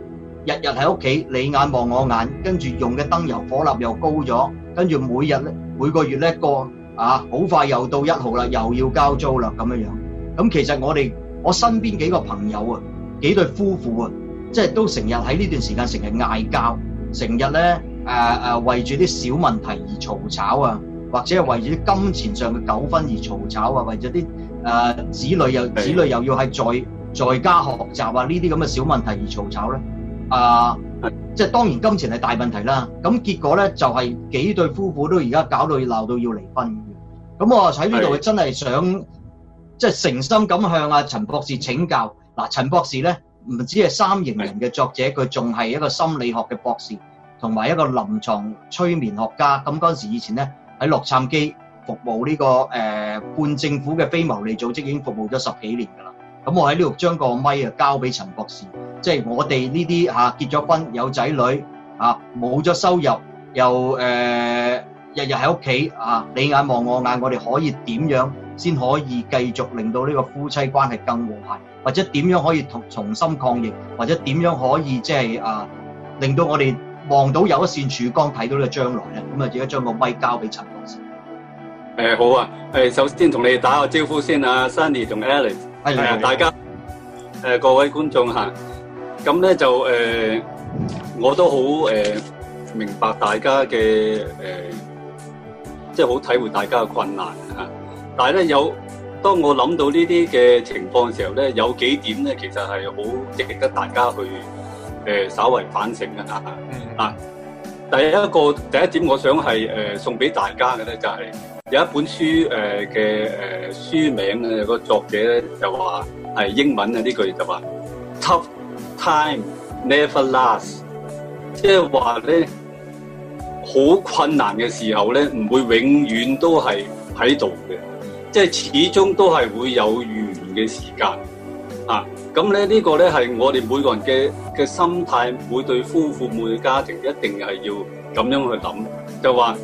日日喺屋企你眼望我眼，跟住用嘅燈油火蠟又高咗，跟住每日呢，每個月咧過啊，好快又到一號啦，又要交租啦咁樣樣。咁其實我哋我身邊幾個朋友啊，幾對夫婦啊。即係都成日喺呢段時間成日嗌交，成日咧誒誒為住啲小問題而嘈吵啊，或者係為住啲金錢上嘅糾紛而嘈吵啊，為住啲誒子女又子女又要喺在在家學習啊呢啲咁嘅小問題而嘈吵咧啊，即係當然金錢係大問題啦。咁結果咧就係幾對夫婦都而家搞到鬧到要離婚。咁我喺呢度真係想即係誠心咁向阿陳博士請教嗱，陳博士咧。唔止係三型人嘅作者，佢仲係一個心理學嘅博士，同埋一個臨床催眠學家。咁嗰陣時以前咧，喺洛杉磯服務呢、這個誒半、呃、政府嘅非牟利組織，已經服務咗十幾年㗎啦。咁我喺呢度將個咪啊交俾陳博士，即係我哋呢啲嚇結咗婚、有仔女、冇、啊、咗收入、又誒、呃、日日喺屋企啊你眼望我眼，我哋可以點樣先可以繼續令到呢個夫妻關係更和諧？或者點樣可以同重新抗疫，或者點樣可以即係、就是、啊，令到我哋望到有一線曙光，睇到將呢個將來咧。咁啊，而家將個麥交俾陳博士。誒好啊，誒首先同你哋打個招呼先啊，Sunny 同 Alex，大家，誒、呃、各位觀眾嚇，咁咧就誒、呃、我都好誒、呃、明白大家嘅誒，即係好體會大家嘅困難嚇，但係咧有。當我諗到呢啲嘅情況嘅時候咧，有幾點咧，其實係好值得大家去誒，稍為反省一下。mm hmm. 第一個第一點，我想係誒送俾大家嘅咧，就係有一本書誒嘅誒書名啊，有個、mm hmm. 作者咧就話係英文啊，呢句就話，tough time never last 即係、就、話、是、咧好困難嘅時候咧，唔會永遠都係喺度嘅。即係始終都係會有完嘅時間啊！咁咧呢個咧係我哋每個人嘅嘅心態，每對夫婦、每對家庭一定係要咁樣去諗，就話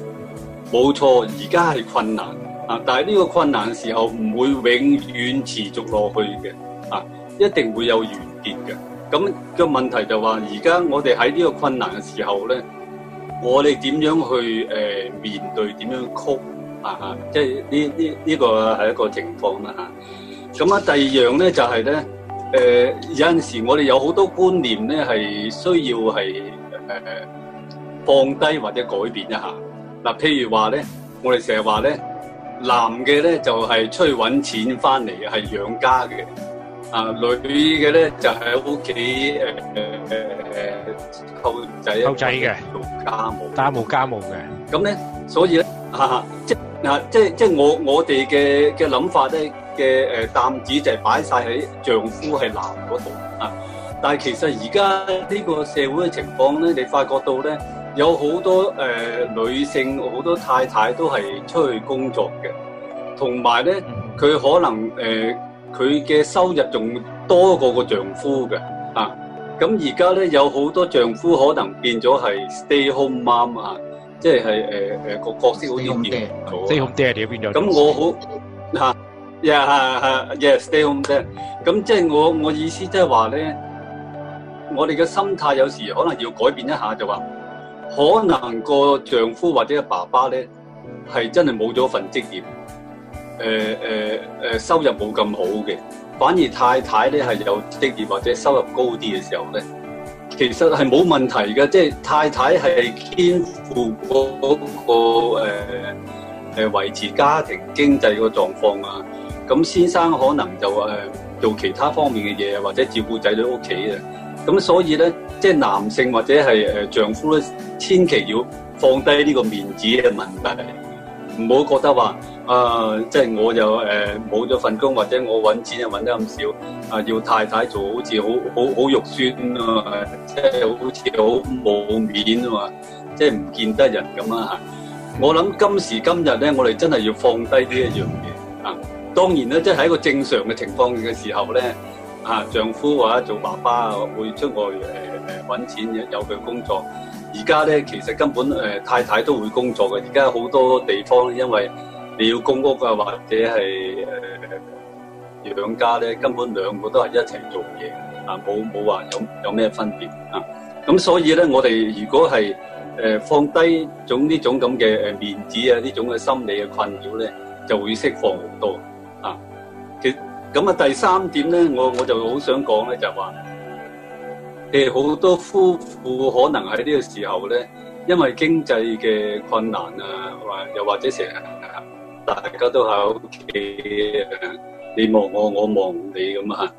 冇錯，而家係困難啊！但係呢個困難嘅時候唔會永遠持續落去嘅啊！一定會有完結嘅。咁個問題就話，而家我哋喺呢個困難嘅時候咧，我哋點樣去誒、呃、面對？點樣去曲？啊即係呢呢呢個係一個情況啦吓。咁啊，第二樣咧就係、是、咧，誒、呃、有陣時我哋有好多觀念咧係需要係誒、呃、放低或者改變一下。嗱、啊，譬如話咧，我哋成日話咧，男嘅咧就係、是、出去搵錢翻嚟係養家嘅。啊，女嘅咧就喺屋企誒，湊、呃、仔，湊仔嘅做家務，家務家務嘅。咁咧，所以咧、啊，即嗱、啊，即即我我哋嘅嘅諗法咧嘅誒擔子就係擺晒喺丈夫係男嗰度啊。但係其實而家呢個社會嘅情況咧，你發覺到咧，有好多誒、呃、女性好多太太都係出去工作嘅，同埋咧佢可能誒。呃佢嘅收入仲多過個丈夫嘅，啊！咁而家咧有好多丈夫可能變咗係 stay home mom, 啊。即係誒誒個角色好重要。呃、stay, stay home 爹變咗？咁我好吓，yes yes stay home 爹。咁即係我我意思即係話咧，我哋嘅心態有時可能要改變一下，就話可能個丈夫或者個爸爸咧係真係冇咗份職業。誒誒誒，收入冇咁好嘅，反而太太咧係有職業或者收入高啲嘅時候咧，其實係冇問題嘅。即係太太係肩負嗰個誒誒維持家庭經濟個狀況啊。咁先生可能就誒做其他方面嘅嘢，或者照顧仔女屋企啊。咁所以咧，即係男性或者係誒丈夫咧，千祈要放低呢個面子嘅問題。唔好覺得話，誒，即係我就誒冇咗份工，或者我揾錢又揾得咁少，啊，要太太做好似好好好肉酸啊嘛，即係好似好冇面啊嘛，即係唔見得人咁啊嚇！我諗今時今日咧，我哋真係要放低呢一樣嘢啊。當然咧，即係喺一個正常嘅情況嘅時候咧，啊，丈夫或者做爸爸會出外誒揾錢，有佢工作。而家咧，其實根本誒太太都會工作嘅。而家好多地方，因為你要供屋啊，或者係誒養家咧，根本兩個都係一齊做嘢，啊冇冇話有有咩分別啊？咁所以咧，我哋如果係誒放低種呢種咁嘅誒面子啊，呢種嘅心理嘅困擾咧，就會釋放好多啊。其咁啊，第三點咧，我我就好想講咧，就係話。誒，好多夫婦可能喺呢個時候咧，因為經濟嘅困難啊，又或者成日，大家都喺屋企，你望我，我望你咁啊，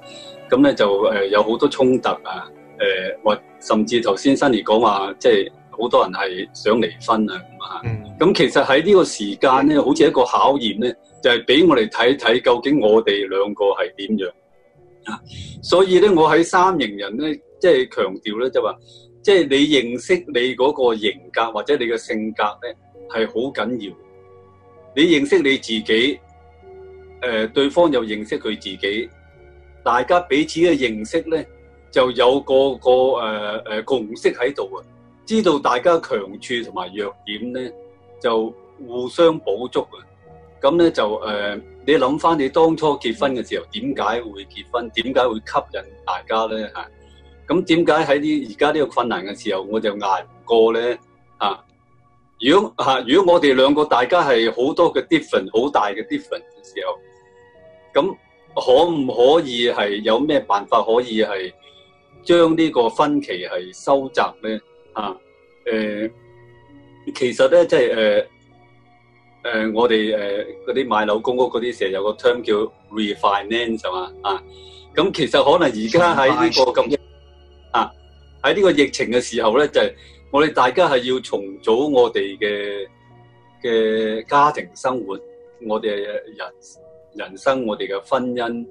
咁咧就誒有好多衝突啊，誒或甚至頭先 Sunny 講話，即係好多人係想離婚啊，咁其實喺呢個時間咧，好似一個考驗咧，就係、是、俾我哋睇睇究竟我哋兩個係點樣啊，所以咧我喺三營人咧。即係強調咧，就話，即係你認識你嗰個型格或者你嘅性格咧，係好緊要。你認識你自己、呃，誒對方又認識佢自己，大家彼此嘅認識咧，就有個個誒、呃、誒、呃、共識喺度啊！知道大家強處同埋弱點咧，就互相補足啊！咁咧就誒、呃，你諗翻你當初結婚嘅時候，點解會結婚？點解會吸引大家咧？嚇！咁點解喺呢而家呢個困難嘅時候，我就捱唔過咧？啊，如果吓、啊、如果我哋兩個大家係好多嘅 different，好大嘅 different 嘅時候，咁可唔可以係有咩辦法可以係將呢個分歧係收窄咧？啊，誒、呃、其實咧即係誒誒我哋誒嗰啲買樓公屋嗰啲時候有個 term 叫 refinance 係嘛啊？咁其實可能而家喺呢個咁。啊！喺呢個疫情嘅時候咧，就係，我哋大家係要重組我哋嘅嘅家庭生活，我哋嘅人人生，我哋嘅婚姻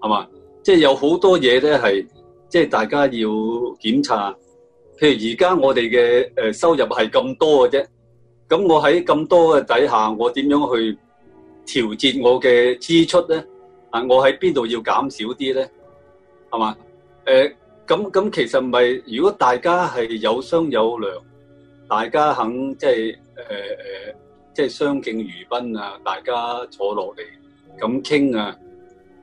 係嘛？即係，就是，有好多嘢咧，係即係大家要檢查。譬如而家我哋嘅誒收入係咁多嘅啫，咁我喺咁多嘅底下，我點樣去調節我嘅支出咧？啊，我喺邊度要減少啲咧？係嘛？誒、呃。咁咁，其實咪如果大家係有商有量，大家肯即係誒誒，即、呃、係、即係、相敬如賓啊！大家坐落嚟咁傾啊，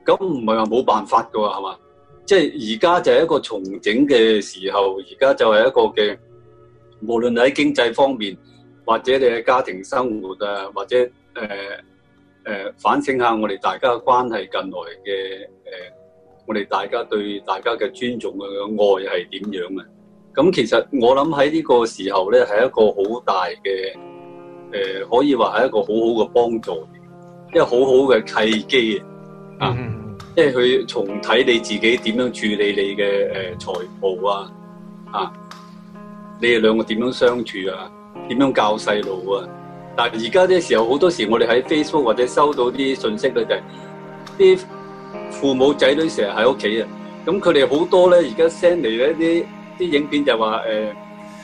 咁唔係話冇辦法嘅喎，係嘛？即係而家就係、係、一個重整嘅時候，而家就係一個嘅，無論喺經濟方面，或者你嘅家庭生活啊，或者誒誒、呃呃、反省下我哋大家嘅關係近來嘅誒。呃我哋大家對大家嘅尊重嘅愛係點樣啊？咁其實我諗喺呢個時候咧，係一個好大嘅誒、呃，可以話係一個好好嘅幫助，一個好好嘅契機、mm hmm. 啊！即係去重睇你自己點樣處理你嘅誒財務啊啊！你哋兩個點樣相處啊？點樣教細路啊？但係而家啲時候好多時，我哋喺 Facebook 或者收到啲信息咧、就是，就係啲。父母仔女成日喺屋企啊，咁佢哋好多咧，而家 send 嚟呢啲啲影片就話誒、呃，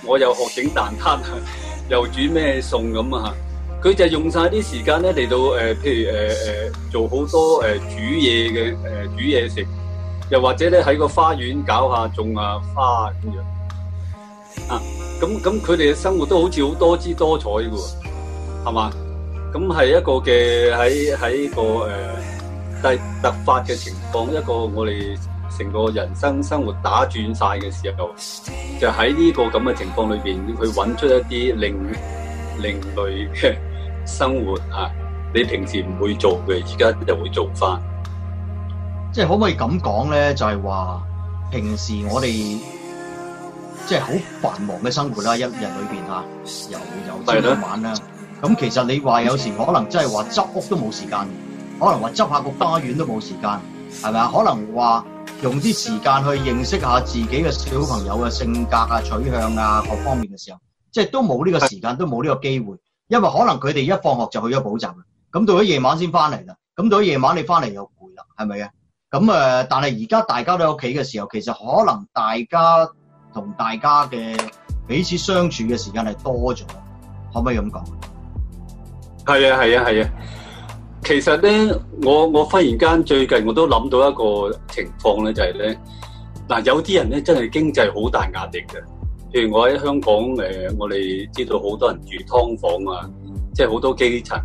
我又學整蛋撻，又煮咩餸咁啊吓，佢就用晒啲時間咧嚟到誒、呃，譬如誒誒、呃，做好多誒、呃、煮嘢嘅誒煮嘢食，又或者咧喺個花園搞下種啊花咁樣啊，咁咁佢哋嘅生活都好似好多姿多彩噶，係嘛？咁係一個嘅喺喺個誒。呃但係突發嘅情況，一個我哋成個人生生活打轉曬嘅時候，就喺呢個咁嘅情況裏邊，去揾出一啲另另類嘅生活啊！你平時唔會做嘅，而家就會做翻。即係可唔可以咁講咧？就係話平時我哋即係好繁忙嘅生活啦，一日裏邊吓又會有朝有晚啦。咁其實你話有時可能真係話執屋都冇時間。可能話執下個花園都冇時間，係咪啊？可能話用啲時間去認識下自己嘅小朋友嘅性格啊、取向啊各方面嘅時候，即係都冇呢個時間，都冇呢個機會，因為可能佢哋一放學就去咗補習，咁到咗夜晚先翻嚟啦。咁到咗夜晚你翻嚟又攰啦，係咪啊？咁誒，但係而家大家都喺屋企嘅時候，其實可能大家同大家嘅彼此相處嘅時間係多咗，可唔可以咁講？係啊，係啊，係啊。其實咧，我我忽然間，最近我都諗到一個情況咧，就係咧，嗱，有啲人咧真係經濟好大壓力嘅。譬如我喺香港誒、呃，我哋知道好多人住劏房啊，即係好多基層，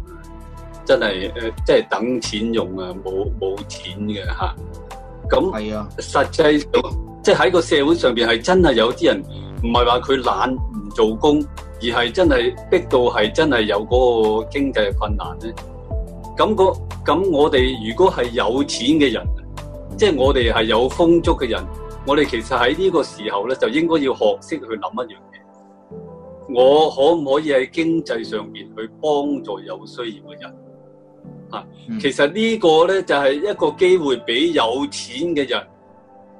真係誒，即係等錢用啊，冇冇錢嘅吓。咁，係啊，的實際上即係喺個社會上邊係真係有啲人唔係話佢懶唔做工，而係真係逼到係真係有嗰個經濟困難咧。咁咁，嗰個、我哋如果係有錢嘅人，即、就、係、係、我哋係有豐足嘅人，我哋其實喺呢個時候咧，就應該要學識去諗一樣嘢。我可唔可以喺經濟上邊去幫助有需要嘅人？嚇，其實呢個咧就係一個機會，俾有錢嘅人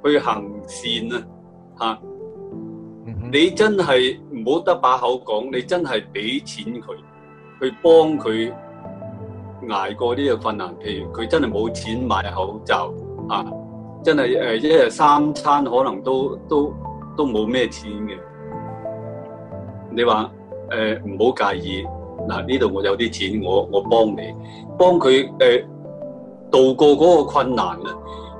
去行善啊！嚇、嗯，你真係唔好得把口講，你真係俾錢佢去幫佢。捱過呢個困難，譬如佢真係冇錢買口罩，啊，真係誒一日三餐可能都都都冇咩錢嘅。你話誒唔好介意，嗱呢度我有啲錢，我我幫你幫佢誒渡過嗰個困難咧。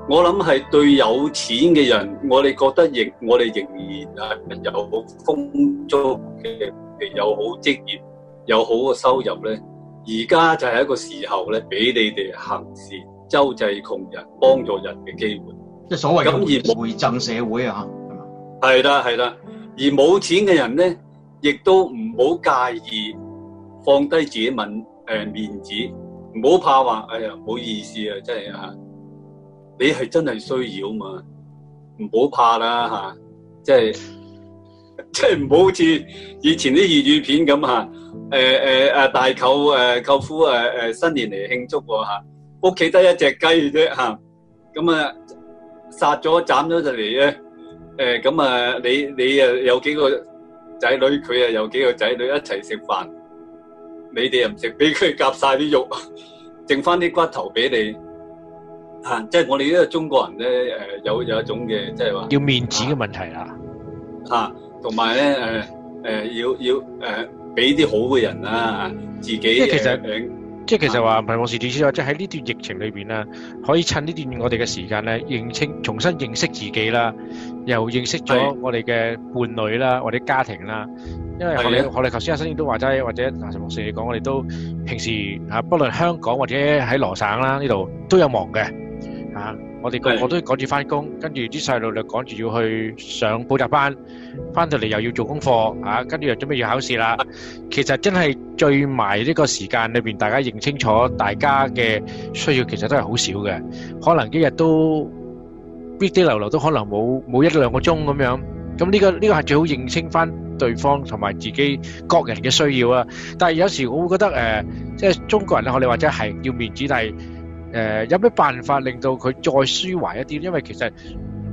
我諗係對有錢嘅人，我哋覺得亦我哋仍然啊有好豐足嘅，有好職業，有好嘅收入咧。而家就係一個時候咧，俾你哋行善、周濟窮人、幫助人嘅機會，即係所謂嘅回贈社會啊，係嘛，係啦係啦，而冇錢嘅人咧，亦都唔好介意，放低自己問誒面子，唔好怕話，哎呀唔好意思啊，真係啊，你係真係需要嘛，唔好怕啦嚇，即係的。啊。即係唔好好似以前啲粵語片咁吓，誒誒誒，大舅誒、呃、舅父誒誒、呃，新年嚟慶祝吓，屋企得一隻雞啫吓，咁啊殺咗斬咗就嚟咧，誒咁啊，啊，啊你你誒有幾個仔女，佢啊有幾個仔女一齊食飯，你哋又唔食，俾佢夾晒啲肉，剩翻啲骨頭俾你，啊即係我哋呢個中國人咧誒、啊、有有一種嘅即係話要面子嘅問題啊，吓。同埋咧，誒誒、呃、要要誒俾啲好嘅人啦，自己。即係其實誒，即係、呃、其實話，彭博士主持話，即係喺呢段疫情裏邊咧，可以趁呢段我哋嘅時間咧，認清重新認識自己啦，又認識咗我哋嘅伴侶啦，的或者家庭啦。因為我哋學你頭先阿新英都話齋，或者嗱，彭博士講，我哋都平時嚇，不論香港或者喺羅省啦呢度都有忙嘅，嚇、啊。我哋個個都趕住翻工，跟住啲細路就趕住要去上補習班，翻到嚟又要做功課，嚇，跟住又準備要考試啦。其實真係聚埋呢個時間裏邊，大家認清楚大家嘅需要，其實都係好少嘅。可能一日都滴滴流流都可能冇冇一兩個鐘咁樣。咁呢個呢個係最好認清翻對方同埋自己各人嘅需要啊。但係有時我會覺得誒，即係中國人咧，我哋或者係要面子，但係。誒、呃、有咩辦法令到佢再舒緩一啲？因為其實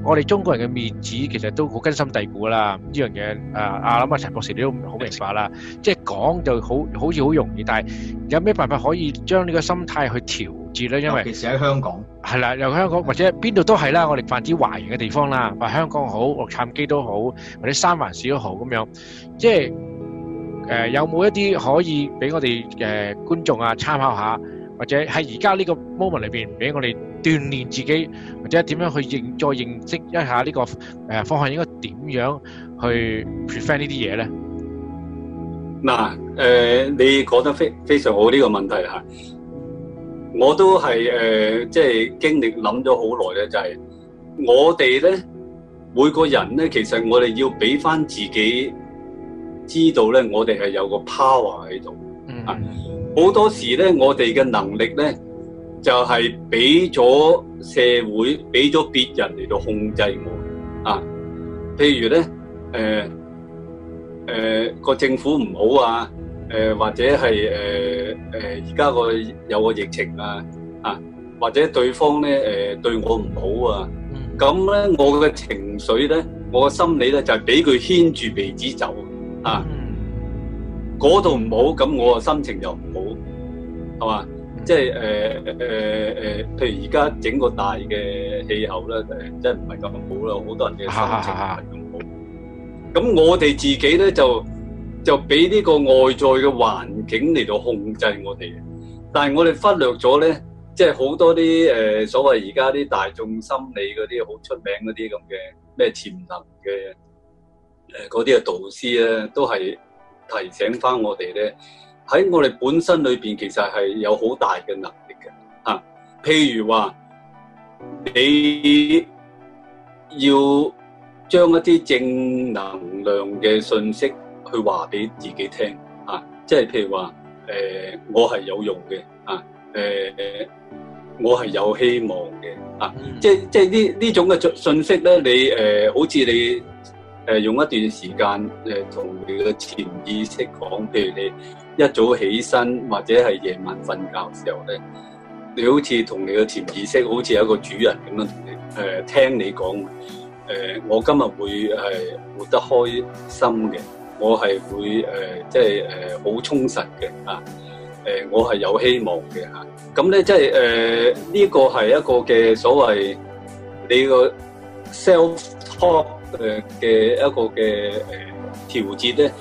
我哋中國人嘅面子其實都好根深蒂固啦，呢樣嘢啊啊！諗下陳博士你都好明白啦，嗯、即係講就好好似好容易，但係有咩辦法可以將呢個心態去調節咧？因為尤其是喺香港係啦，由香港或者邊度都係啦，我哋泛指華人嘅地方啦，話香港好，洛杉磯都好，或者三藩市都好咁樣，即係誒、呃、有冇一啲可以俾我哋誒觀眾啊參考一下？或者喺而家呢個 moment 裏邊俾我哋鍛煉自己，或者點樣去認，再認識一下呢個誒方向應該點樣去 prepare 呢啲嘢咧？嗱、呃，誒你講得非非常好呢、這個問題吓，我都係誒即係經歷諗咗好耐咧，就係、是、我哋咧每個人咧，其實我哋要俾翻自己知道咧，我哋係有個 power 喺度嗯。好多時咧，我哋嘅能力咧，就係俾咗社會、俾咗別人嚟到控制我啊。譬如咧，誒誒個政府唔好啊，呃、或者係誒而家個有個疫情啊啊，或者對方咧誒、呃、對我唔好啊，咁咧我嘅情緒咧，我嘅心理咧就係俾佢牽住鼻子走啊。嗰度唔好，咁我啊心情又唔好，係嘛？即係誒誒誒譬如而家整個大嘅氣候咧，誒、即係，真係唔係咁好啦，好多人嘅心情唔係咁好。咁、啊啊啊啊、我哋自己咧就就俾呢個外在嘅環境嚟到控制我哋，但係我哋忽略咗咧，即係好多啲誒、呃、所謂而家啲大眾心理嗰啲好出名嗰啲咁嘅咩潛能嘅嗰啲嘅導師咧，都係。提醒翻我哋咧，喺我哋本身裏邊，其實係有好大嘅能力嘅嚇、啊。譬如話，你要將一啲正能量嘅信息去話俾自己聽嚇，即、啊、係譬如話，誒、呃、我係有用嘅啊，誒、呃、我係有希望嘅啊，即係即係呢呢種嘅訊息咧，你誒、呃、好似你。誒、呃、用一段時間誒同、呃、你嘅潛意識講，譬如你一早起身或者係夜晚瞓覺時候咧，你好似同你嘅潛意識好似有一個主人咁樣同你誒聽你講誒、呃，我今日會係、呃、活得開心嘅，我係會誒、呃、即係誒好充實嘅啊誒，我係有希望嘅嚇。咁、呃、咧即係誒呢個係一個嘅所謂你個 self 誒嘅一個嘅誒調節咧，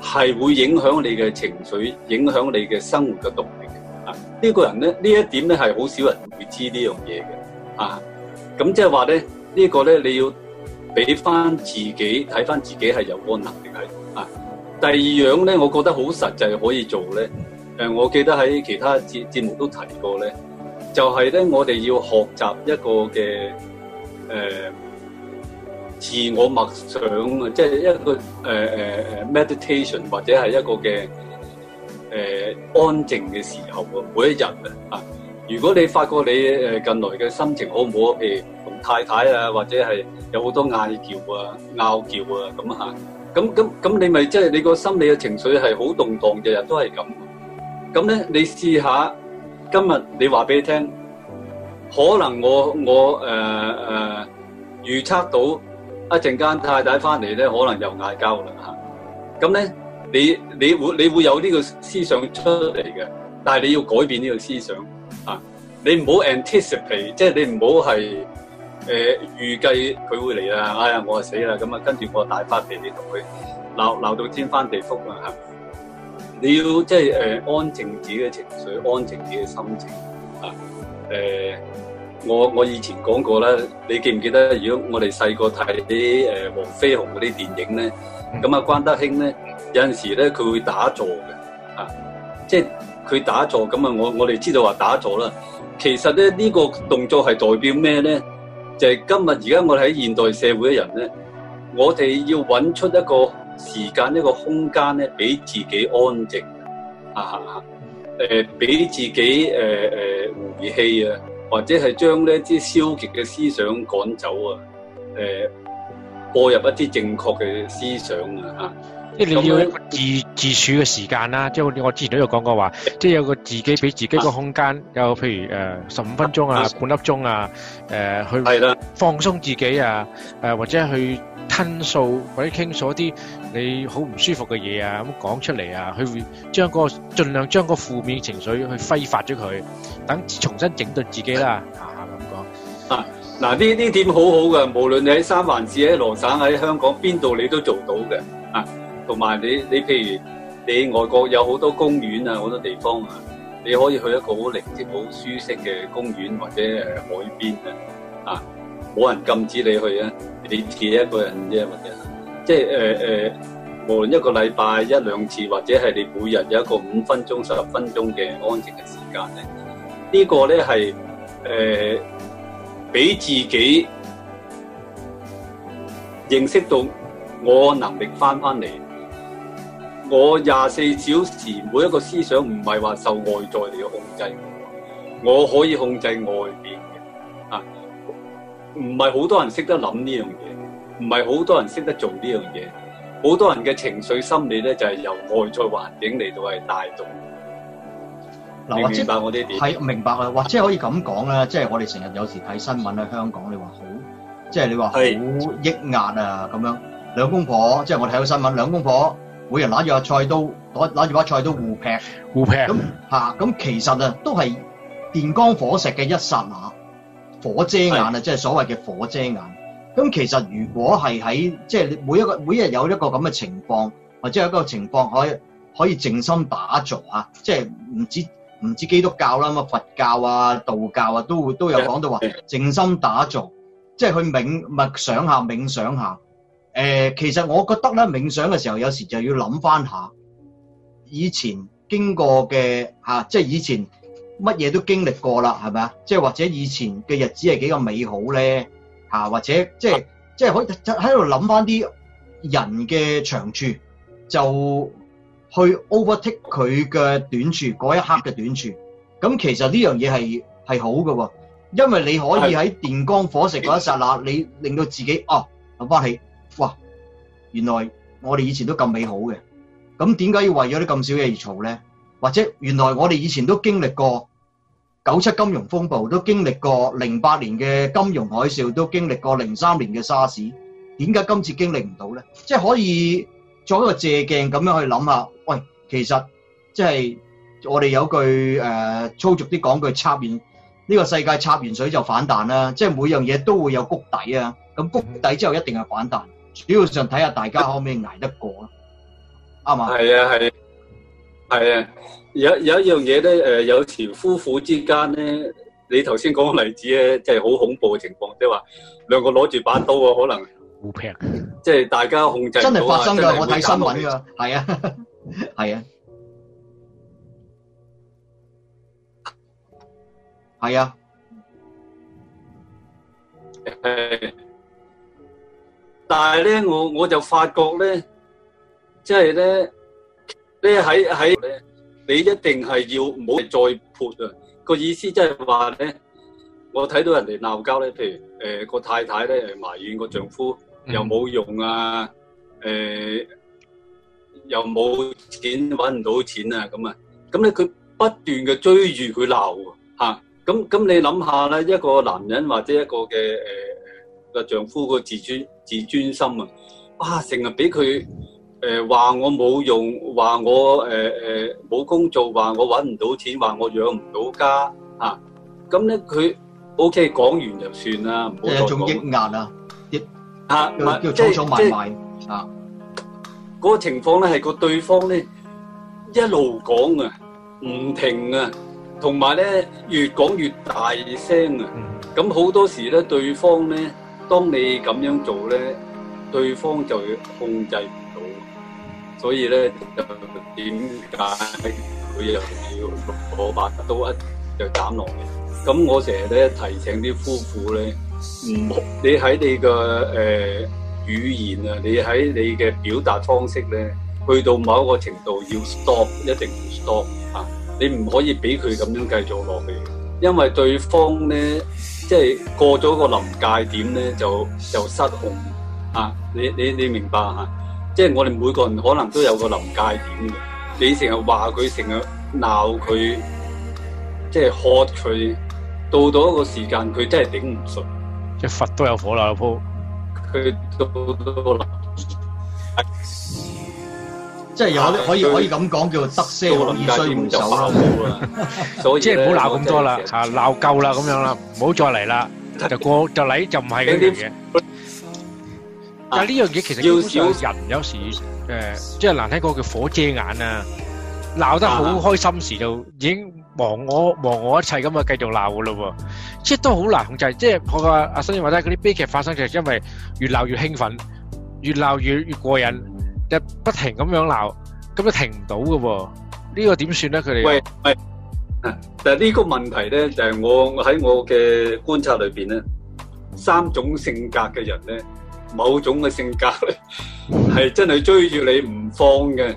係會影響你嘅情緒，影響你嘅生活嘅動力啊！呢、這個人咧，呢一點咧係好少人會知呢樣嘢嘅啊！咁即係話咧，這個、呢個咧你要俾翻自己睇翻自己係有個能力喺啊！第二樣咧，我覺得好實際可以做咧，誒，我記得喺其他節節目都提過咧，就係、是、咧我哋要學習一個嘅誒。呃自我默想啊，即、就、係、是、一個誒誒、呃、誒 meditation 或者係一個嘅誒、呃、安靜嘅時候每一日啊，如果你發覺你誒近來嘅心情好唔好，譬如同太太啊，或者係有好多嗌交啊、拗撬啊咁吓，咁咁咁你咪即係你個心理嘅情緒係好動盪，日日都係咁。咁、啊、咧，那你試下今日你話俾你聽，可能我我誒誒預測到。一陣間太太翻嚟咧，可能又嗌交啦嚇。咁咧，你你會你會有呢個思想出嚟嘅，但係你要改變呢個思想啊！你唔好 anticipate，即係你唔好係誒預計佢會嚟啦。哎呀，我死啦！咁啊跟住我大發脾氣同佢鬧鬧到天翻地覆啦嚇。你要即係誒安靜自己嘅情緒，安靜自己嘅心情啊誒。我我以前講過啦，你記唔記得？如果我哋細個睇啲誒黃飛鴻嗰啲電影咧，咁啊、嗯、關德興咧有陣時咧佢會打坐嘅，啊，即係佢打坐咁啊！我我哋知道話打坐啦，其實咧呢個動作係代表咩咧？就係、是、今日而家我哋喺現代社會嘅人咧，我哋要揾出一個時間一個空間咧，俾自己安靜啊，俾、啊、自己誒誒回氣啊。或者係將呢一啲消極嘅思想趕走啊！誒，播入一啲正確嘅思想啊！嚇，你要一個自自處嘅時間啦，即係好似我之前都有講過話，即係有個自己俾自己個空間，有譬如誒十五分鐘啊、半粒鐘啊，誒去放鬆自己啊，誒或者去吞訴或者傾訴一啲。你好唔舒服嘅嘢啊，咁講出嚟啊，佢會將個盡量將個負面情緒去揮發咗佢，等重新整頓自己啦。 吓啊，咁講啊，嗱呢呢點好好嘅，無論你喺三藩市喺羅省喺香港邊度，你都做到嘅啊。同埋你你譬如你外國有好多公園啊，好多地方啊，你可以去一個好寧靜、好舒適嘅公園或者誒海邊啊，啊，冇人禁止你去啊，你自己一個人啫，或者。即係誒誒，無論一個禮拜一兩次，或者係你每日有一個五分鐘、十分鐘嘅安靜嘅時間咧，這個、呢個咧係誒俾自己認識到我能力翻翻嚟，我廿四小時每一個思想唔係話受外在嚟嘅控制我，我可以控制外邊嘅啊。唔係好多人識得諗呢樣嘢。唔係好多人識得做呢樣嘢，好多人嘅情緒心理咧就係由外在環境嚟到係帶動。明白我啲點？係明白啊！或者可以咁講啦，即係我哋成日有時睇新聞喺香港你話好，即係你話好抑壓啊咁樣。兩公婆，即係我睇到新聞，兩公婆每日攞住把菜刀，攞攞住把菜刀互劈，互劈。咁嚇咁其實啊，都係電光火石嘅一剎那，火遮眼啊！係。即係所謂嘅火遮眼。咁其實如果係喺即係每一個每一日有一個咁嘅情況，或者有一個情況可以可以靜心打坐，即係唔知唔知基督教啦，咁佛教啊道教啊都會都有講到話靜心打坐，即係去冥默想下冥想下。誒、呃，其實我覺得咧冥想嘅時候有時就要諗翻下以前經過嘅，即係以前乜嘢都經歷過啦，係咪啊？即係或者以前嘅日子係幾咁美好咧？啊，或者即係即係可以喺度諗翻啲人嘅長處，就去 overtake 佢嘅短處嗰一刻嘅短處。咁其實呢樣嘢係係好嘅喎，因為你可以喺電光火石嗰一剎那，你令到自己哦，諗、啊、翻起哇，原來我哋以前都咁美好嘅。咁點解要為咗啲咁少嘢而嘈咧？或者原來我哋以前都經歷過。九七金融風暴都經歷過，零八年嘅金融海嘯都經歷過，零三年嘅沙士，點解今次經歷唔到咧？即係可以作一個借鏡咁樣去諗下，喂，其實即係我哋有句誒粗俗啲講句，插完呢個世界插完水就反彈啦，即係每樣嘢都會有谷底啊，咁谷底之後一定係反彈，主要上睇下大家可唔可以捱得過啊，啱嗎？係啊，係。係啊，有有一樣嘢咧，誒，有時夫婦之間咧，你頭先講個例子咧，即係好恐怖嘅情況，即係話兩個攞住把刀啊，可能好劈，即係大家控制唔到啊，真係發生噶，我睇新聞噶，係啊，係啊，係啊，誒，但係咧，我我就發覺咧，即係咧。咧喺喺你一定係要唔好再潑啊！那個意思即係話咧，我睇到人哋鬧交咧，譬如，誒個、呃、太太咧，埋怨個丈夫又冇用啊，誒、呃、又冇錢搵唔到錢啊，咁啊，咁咧佢不斷嘅追住佢鬧啊，吓咁咁你諗下咧，一個男人或者一個嘅誒個丈夫個自尊自尊心啊，哇成日俾佢。誒，話我冇用，話我誒誒冇工做，話我搵唔到錢，話我養唔到家啊。咁咧佢，O K 講完就算啦，冇再講。即係一種抑壓啊，抑啊，唔即係即係啊。嗰個情況咧係個對方咧一路講啊，唔停啊，同埋咧越講越大聲啊。咁好多時咧，對方咧當你咁樣做咧，對方就要控制。所以咧，就點解佢又要攞把刀一就斬落嘅？咁我成日咧提醒啲夫婦咧，唔好你喺你嘅、呃、語言啊，你喺你嘅表達方式咧，去到某一個程度要 stop，一定 stop 啊！你唔可以俾佢咁樣繼續落去，因為對方咧即係過咗個臨界點咧，就就失控啊！你你你明白啊？即係我哋每個人可能都有個臨界點嘅，你成日話佢，成日鬧佢，即係喝佢，到到一個時間佢真係頂唔順，即佛都有火啦，阿鋪。佢到到個臨，即係有可以可以咁講叫做得失意衰滿壽啊，即係唔好鬧咁多啦，啊鬧夠啦咁樣啦，唔好再嚟啦，就過就嚟就唔係呢樣嘢。啊、但係呢樣嘢，其實有時人有時誒，即係、啊就是，難聽講叫火遮眼啊！鬧得好開心時，就已經忘我忘我一切咁啊，繼續鬧噶咯喎！即係都好難控制。即係我個阿生話齋嗰啲悲劇發生就係因為越鬧越興奮，越鬧越越過癮，就不停咁樣鬧，咁就停唔到噶喎！這個，呢個點算咧？佢哋喂喂，但係呢個問題咧就係、是，我我喺我嘅觀察裏邊咧，三種性格嘅人咧。某種嘅性格咧係真係追住你唔放嘅，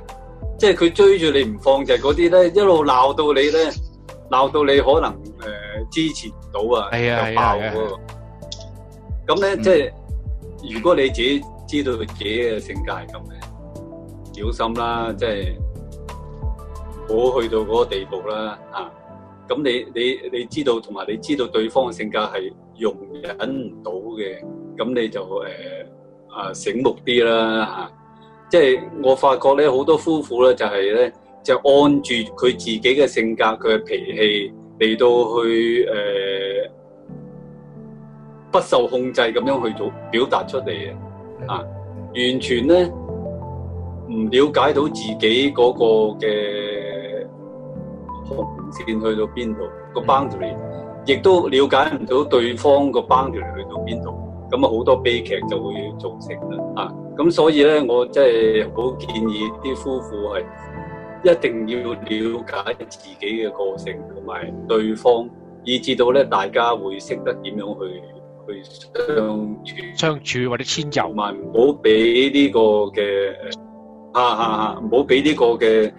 即係佢追住你唔放的就係嗰啲咧，一路鬧到你咧，鬧到你可能誒、呃、支持唔到啊，又爆嘅。咁咧，即係如果你自己知道自己嘅性格係咁嘅，小心啦，即係唔好去到嗰個地步啦。啊，咁你你你知道同埋你知道對方嘅性格係容忍唔到嘅，咁你就誒。呃啊，醒目啲啦吓！即係我發覺咧，好多夫婦咧就係咧，就是、按住佢自己嘅性格，佢嘅脾氣嚟，到去誒、呃、不受控制咁樣去做表達出嚟嘅啊！完全咧唔了解到自己嗰個嘅紅線去到邊度，個 Boundary 亦都了解唔到對方個 Boundary 去到邊度。咁啊，好多悲劇就會造成啦啊！咁所以咧，我即係好建議啲夫婦係一定要了解自己嘅個性同埋對方，以至到咧大家會識得點樣去去相處相處或者遷就，唔好俾呢個嘅嚇嚇嚇，唔好俾呢個嘅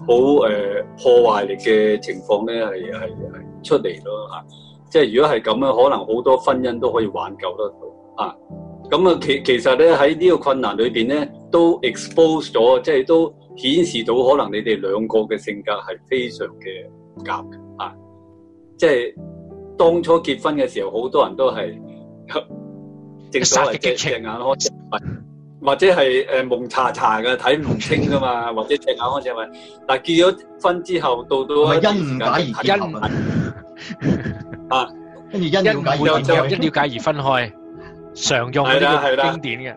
好誒破壞力嘅情況咧，係係係出嚟咯啊！即係如果係咁樣，可能好多婚姻都可以挽救得到啊！咁啊，其其實咧喺呢個困難裏邊咧，都 expose 咗，即係都顯示到可能你哋兩個嘅性格係非常嘅夾嘅啊！即係當初結婚嘅時候，好多人都係正所謂隻隻眼開隻眼閉，或者係誒蒙查查嘅睇唔清噶嘛，或者隻眼開隻眼閉嗱，結咗婚之後到到因打啊，跟住因了解而分開，常用嘅係啦，係啦，經典嘅。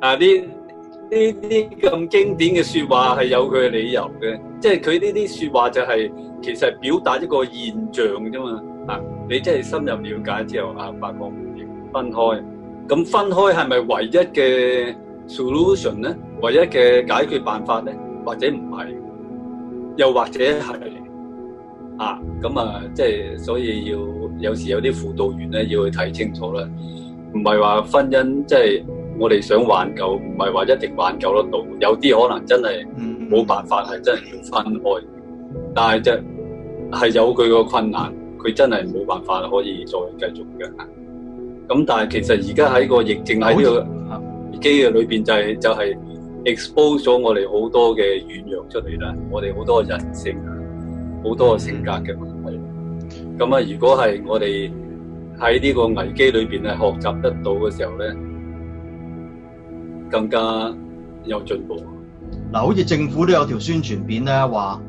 啊，呢呢啲咁經典嘅說話係有佢嘅理由嘅，即係佢呢啲說話就係其實係表達一個現象啫嘛。啊，你即係深入了解之後啊，發覺唔應分開。咁分開係咪唯一嘅 solution 咧？唯一嘅解決辦法咧？或者唔係？又或者係？啊，咁啊，即係所以要有時有啲輔導員咧要去睇清楚啦，唔係話婚姻即係、就是、我哋想挽救，唔係話一定挽救得到，有啲可能真係冇辦法，係真係要分開。但係即係有佢個困難，佢真係冇辦法可以再繼續嘅。咁但係其實而家喺個疫症喺呢個危機嘅裏邊、就係，就係、係、就係 expose 咗我哋好多嘅軟弱出嚟啦，我哋好多嘅人性。好多個性格嘅問題，咁啊！如果係我哋喺呢個危機裏邊咧學習得到嘅時候咧，更加有進步。嗱，好似政府都有條宣傳片咧，話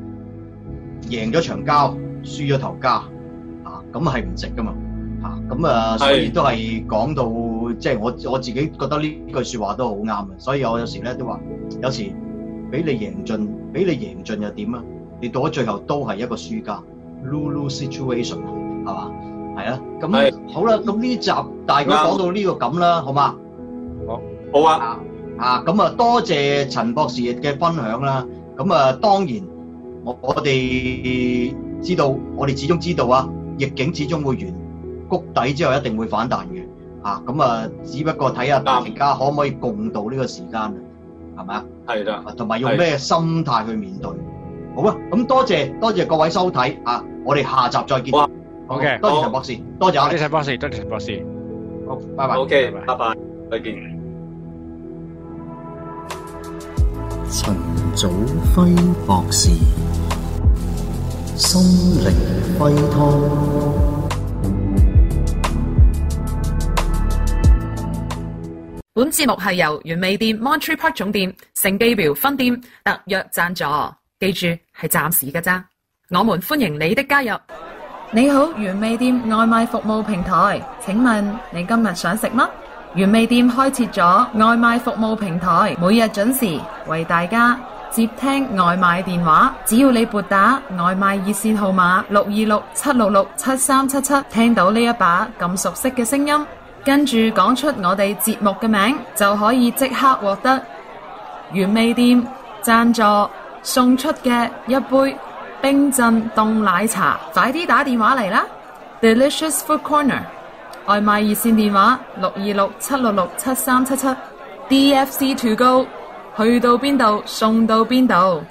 贏咗場交，輸咗頭家，啊，咁係唔值噶嘛？啊，咁啊，所以都係講到即係我我自己覺得呢句説話都好啱啊！所以我有時咧都話，有時俾你贏盡，俾你贏盡又點啊？你到咗最後都係一個輸家，lose lose situation，係嘛？係啊，咁好啦，咁呢集大概講到呢個咁啦，好嘛？好，好啊，啊，咁啊，多謝陳博士嘅分享啦。咁啊，當然我哋知道，我哋始終知道啊，逆境始終會完，谷底之後一定會反彈嘅。啊，咁啊，只不過睇下大家可唔可以共度呢個時間啊，係咪啊？係啦，同埋用咩心態去面對？好啊！咁多謝多謝各位收睇啊，我哋下集再見。OK，多謝陳好博士，好多謝。多謝陳博士，好多謝陳博士。好，拜拜。O okay , K，拜拜，拜拜再見。陳祖輝博士心靈雞湯。本節目係由原美店 Montreal Park 總店、城記廟分店特約贊助。記住。係暫時嘅咋，我們歡迎你的加入。你好，原味店外賣服務平台，請問你今日想食乜？原味店開設咗外賣服務平台，每日準時為大家接聽外賣電話。只要你撥打外賣熱線號碼六二六七六六七三七七，7 7, 聽到呢一把咁熟悉嘅聲音，跟住講出我哋節目嘅名，就可以即刻獲得原味店讚助。送出嘅一杯冰鎮凍奶茶，快啲打電話嚟啦！Delicious Food Corner 外賣熱線電話六二六七六六七三七七，DFC to go 去到邊度送到邊度。